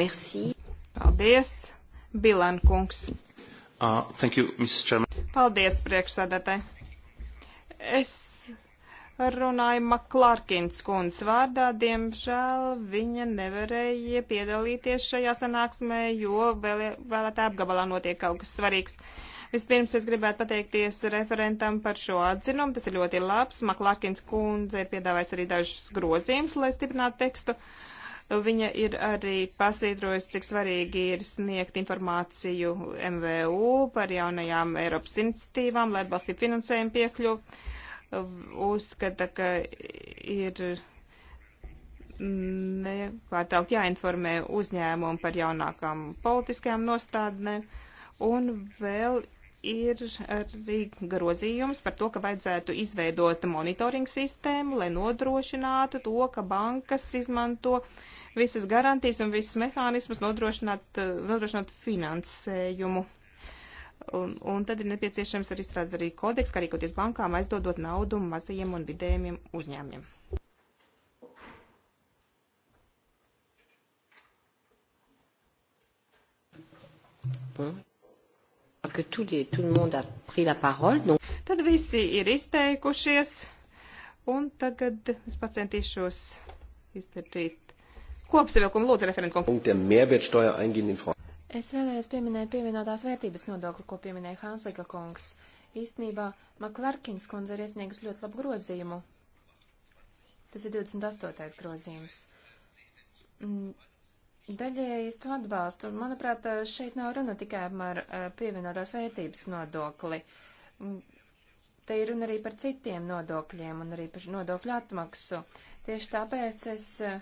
Merci. Paldies, Bilan kungs. Uh, thank you, Mrs. Chairman. Paldies, priekšsēdētāji. Es runāja Maklārkins kundas vārdā. Diemžēl viņa nevarēja piedalīties šajā sanāksmē, jo vēl, vēlētā apgabalā notiek kaut kas svarīgs. Vispirms es gribētu pateikties referentam par šo atzinumu. Tas ir ļoti labs. Maklārkins kundze ir piedāvājis arī dažus grozījumus, lai stiprinātu tekstu. Viņa ir arī pasvītrojusi, cik svarīgi ir sniegt informāciju MVU par jaunajām Eiropas iniciatīvām, lai atbalstītu finansējumu piekļuvu uzskata, ka ir nepārtraukt jāinformē uzņēmumu par jaunākām politiskajām nostādnēm, un vēl ir arī grozījums par to, ka vajadzētu izveidot monitoring sistēmu, lai nodrošinātu to, ka bankas izmanto visas garantijas un visas mehānismus nodrošināt, nodrošināt finansējumu Un, un tad ir nepieciešams arī strādāt arī kodeks, kā rīkoties bankām, aizdodot naudu mazajiem un vidējiem uzņēmiem. Tad visi ir izteikušies, un tagad es pacentīšos izdarīt kopsavilkumu. Lūdzu, referentkungs. Es vēlējos pieminēt pievienotās vērtības nodokli, ko pieminēja Hanslika kungs. Īstenībā Maklārkins kundze ir iesniegus ļoti labu grozījumu. Tas ir 28. grozījums. Mm, daļēji es to atbalstu, un manuprāt, šeit nav runa tikai par eh, pievienotās vērtības nodokli. Mm, te ir runa arī par citiem nodokļiem un arī par nodokļu atmaksu. Tieši tāpēc es uh,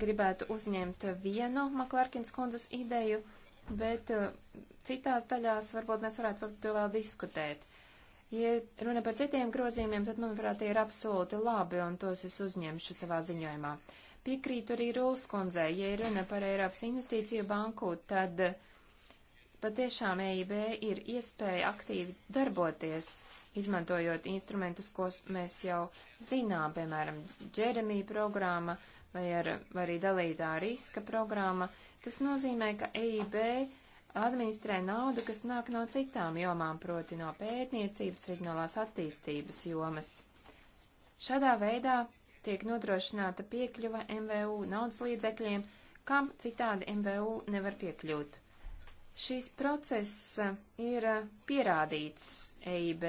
gribētu uzņemt vienu Maklārkins kundzes ideju, bet uh, citās daļās varbūt mēs varētu par to vēl diskutēt. Ja runa par citiem grozījumiem, tad, manuprāt, tie ir absolūti labi, un tos es uzņemšu savā ziņojumā. Piekrītu arī Rūlas kundzei, ja runa par Eiropas investīciju banku, tad uh, patiešām EIB ir iespēja aktīvi darboties, izmantojot instrumentus, ko mēs jau zinām, piemēram, Džeremija programma, uh, vai, ar, vai arī dalītā riska programma, tas nozīmē, ka EIB administrē naudu, kas nāk no citām jomām, proti no pētniecības, reģionālās attīstības jomas. Šādā veidā tiek nodrošināta piekļuva MVU naudas līdzekļiem, kam citādi MVU nevar piekļūt. Šīs process ir pierādīts EIB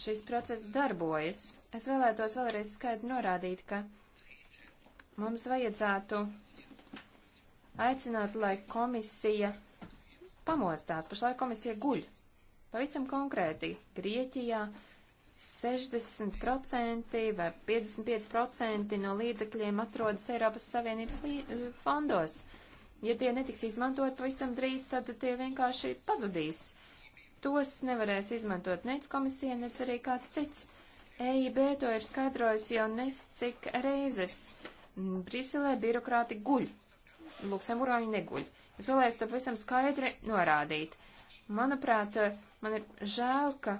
šis process darbojas. Es vēlētos vēlreiz skaidri norādīt, ka mums vajadzētu aicināt, lai komisija pamostās. Pašlaik komisija guļ. Pavisam konkrēti, Grieķijā 60% vai 55% no līdzekļiem atrodas Eiropas Savienības e, fondos. Ja tie netiks izmantot pavisam drīz, tad tie vienkārši pazudīs. Tos nevarēs izmantot nec komisija, nec arī kāds cits. EIB to ir skaidrojis jau nes cik reizes. Mm, Briselē birokrāti guļ, Luksemburgā viņi neguļ. Es vēlējos to pavisam skaidri norādīt. Manuprāt, man ir žēl, ka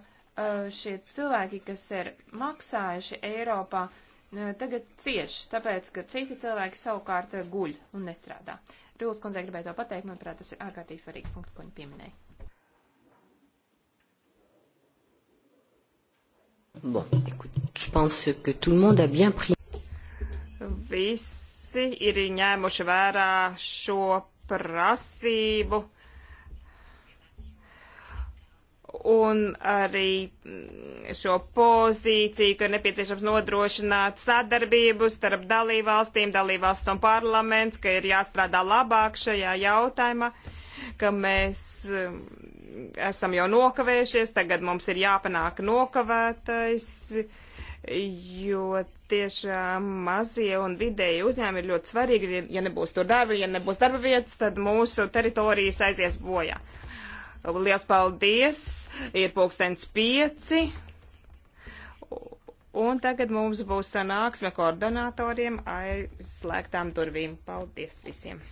šie cilvēki, kas ir maksājuši Eiropā, tagad cieš, tāpēc, ka citi cilvēki savukārt guļ un nestrādā. Rūlis kundzei gribēja to pateikt, manuprāt, tas ir ārkārtīgi svarīgs punkts, ko viņa pieminēja. Bon, écoute, je pense que tout le monde a bien pris. Visi ir ņēmuši vērā šo prasību. Un arī mm, šo pozīciju, ka nepieciešams nodrošināt sadarbību starp dalībvalstīm, dalībvalsts un parlaments, ka ir jāstrādā labāk šajā jautājumā. Uh, ka mēs um, esam jau nokavējušies, tagad mums ir jāpanāk nokavētais, jo tiešām mazie un vidēji uzņēmumi ir ļoti svarīgi. Ja nebūs tur darba, ja nebūs darba vietas, tad mūsu teritorijas aizies bojā. Lielas paldies! Ir pulkstens pieci. Un tagad mums būs sanāksme koordinatoriem aizslēgtām durvīm. Paldies visiem!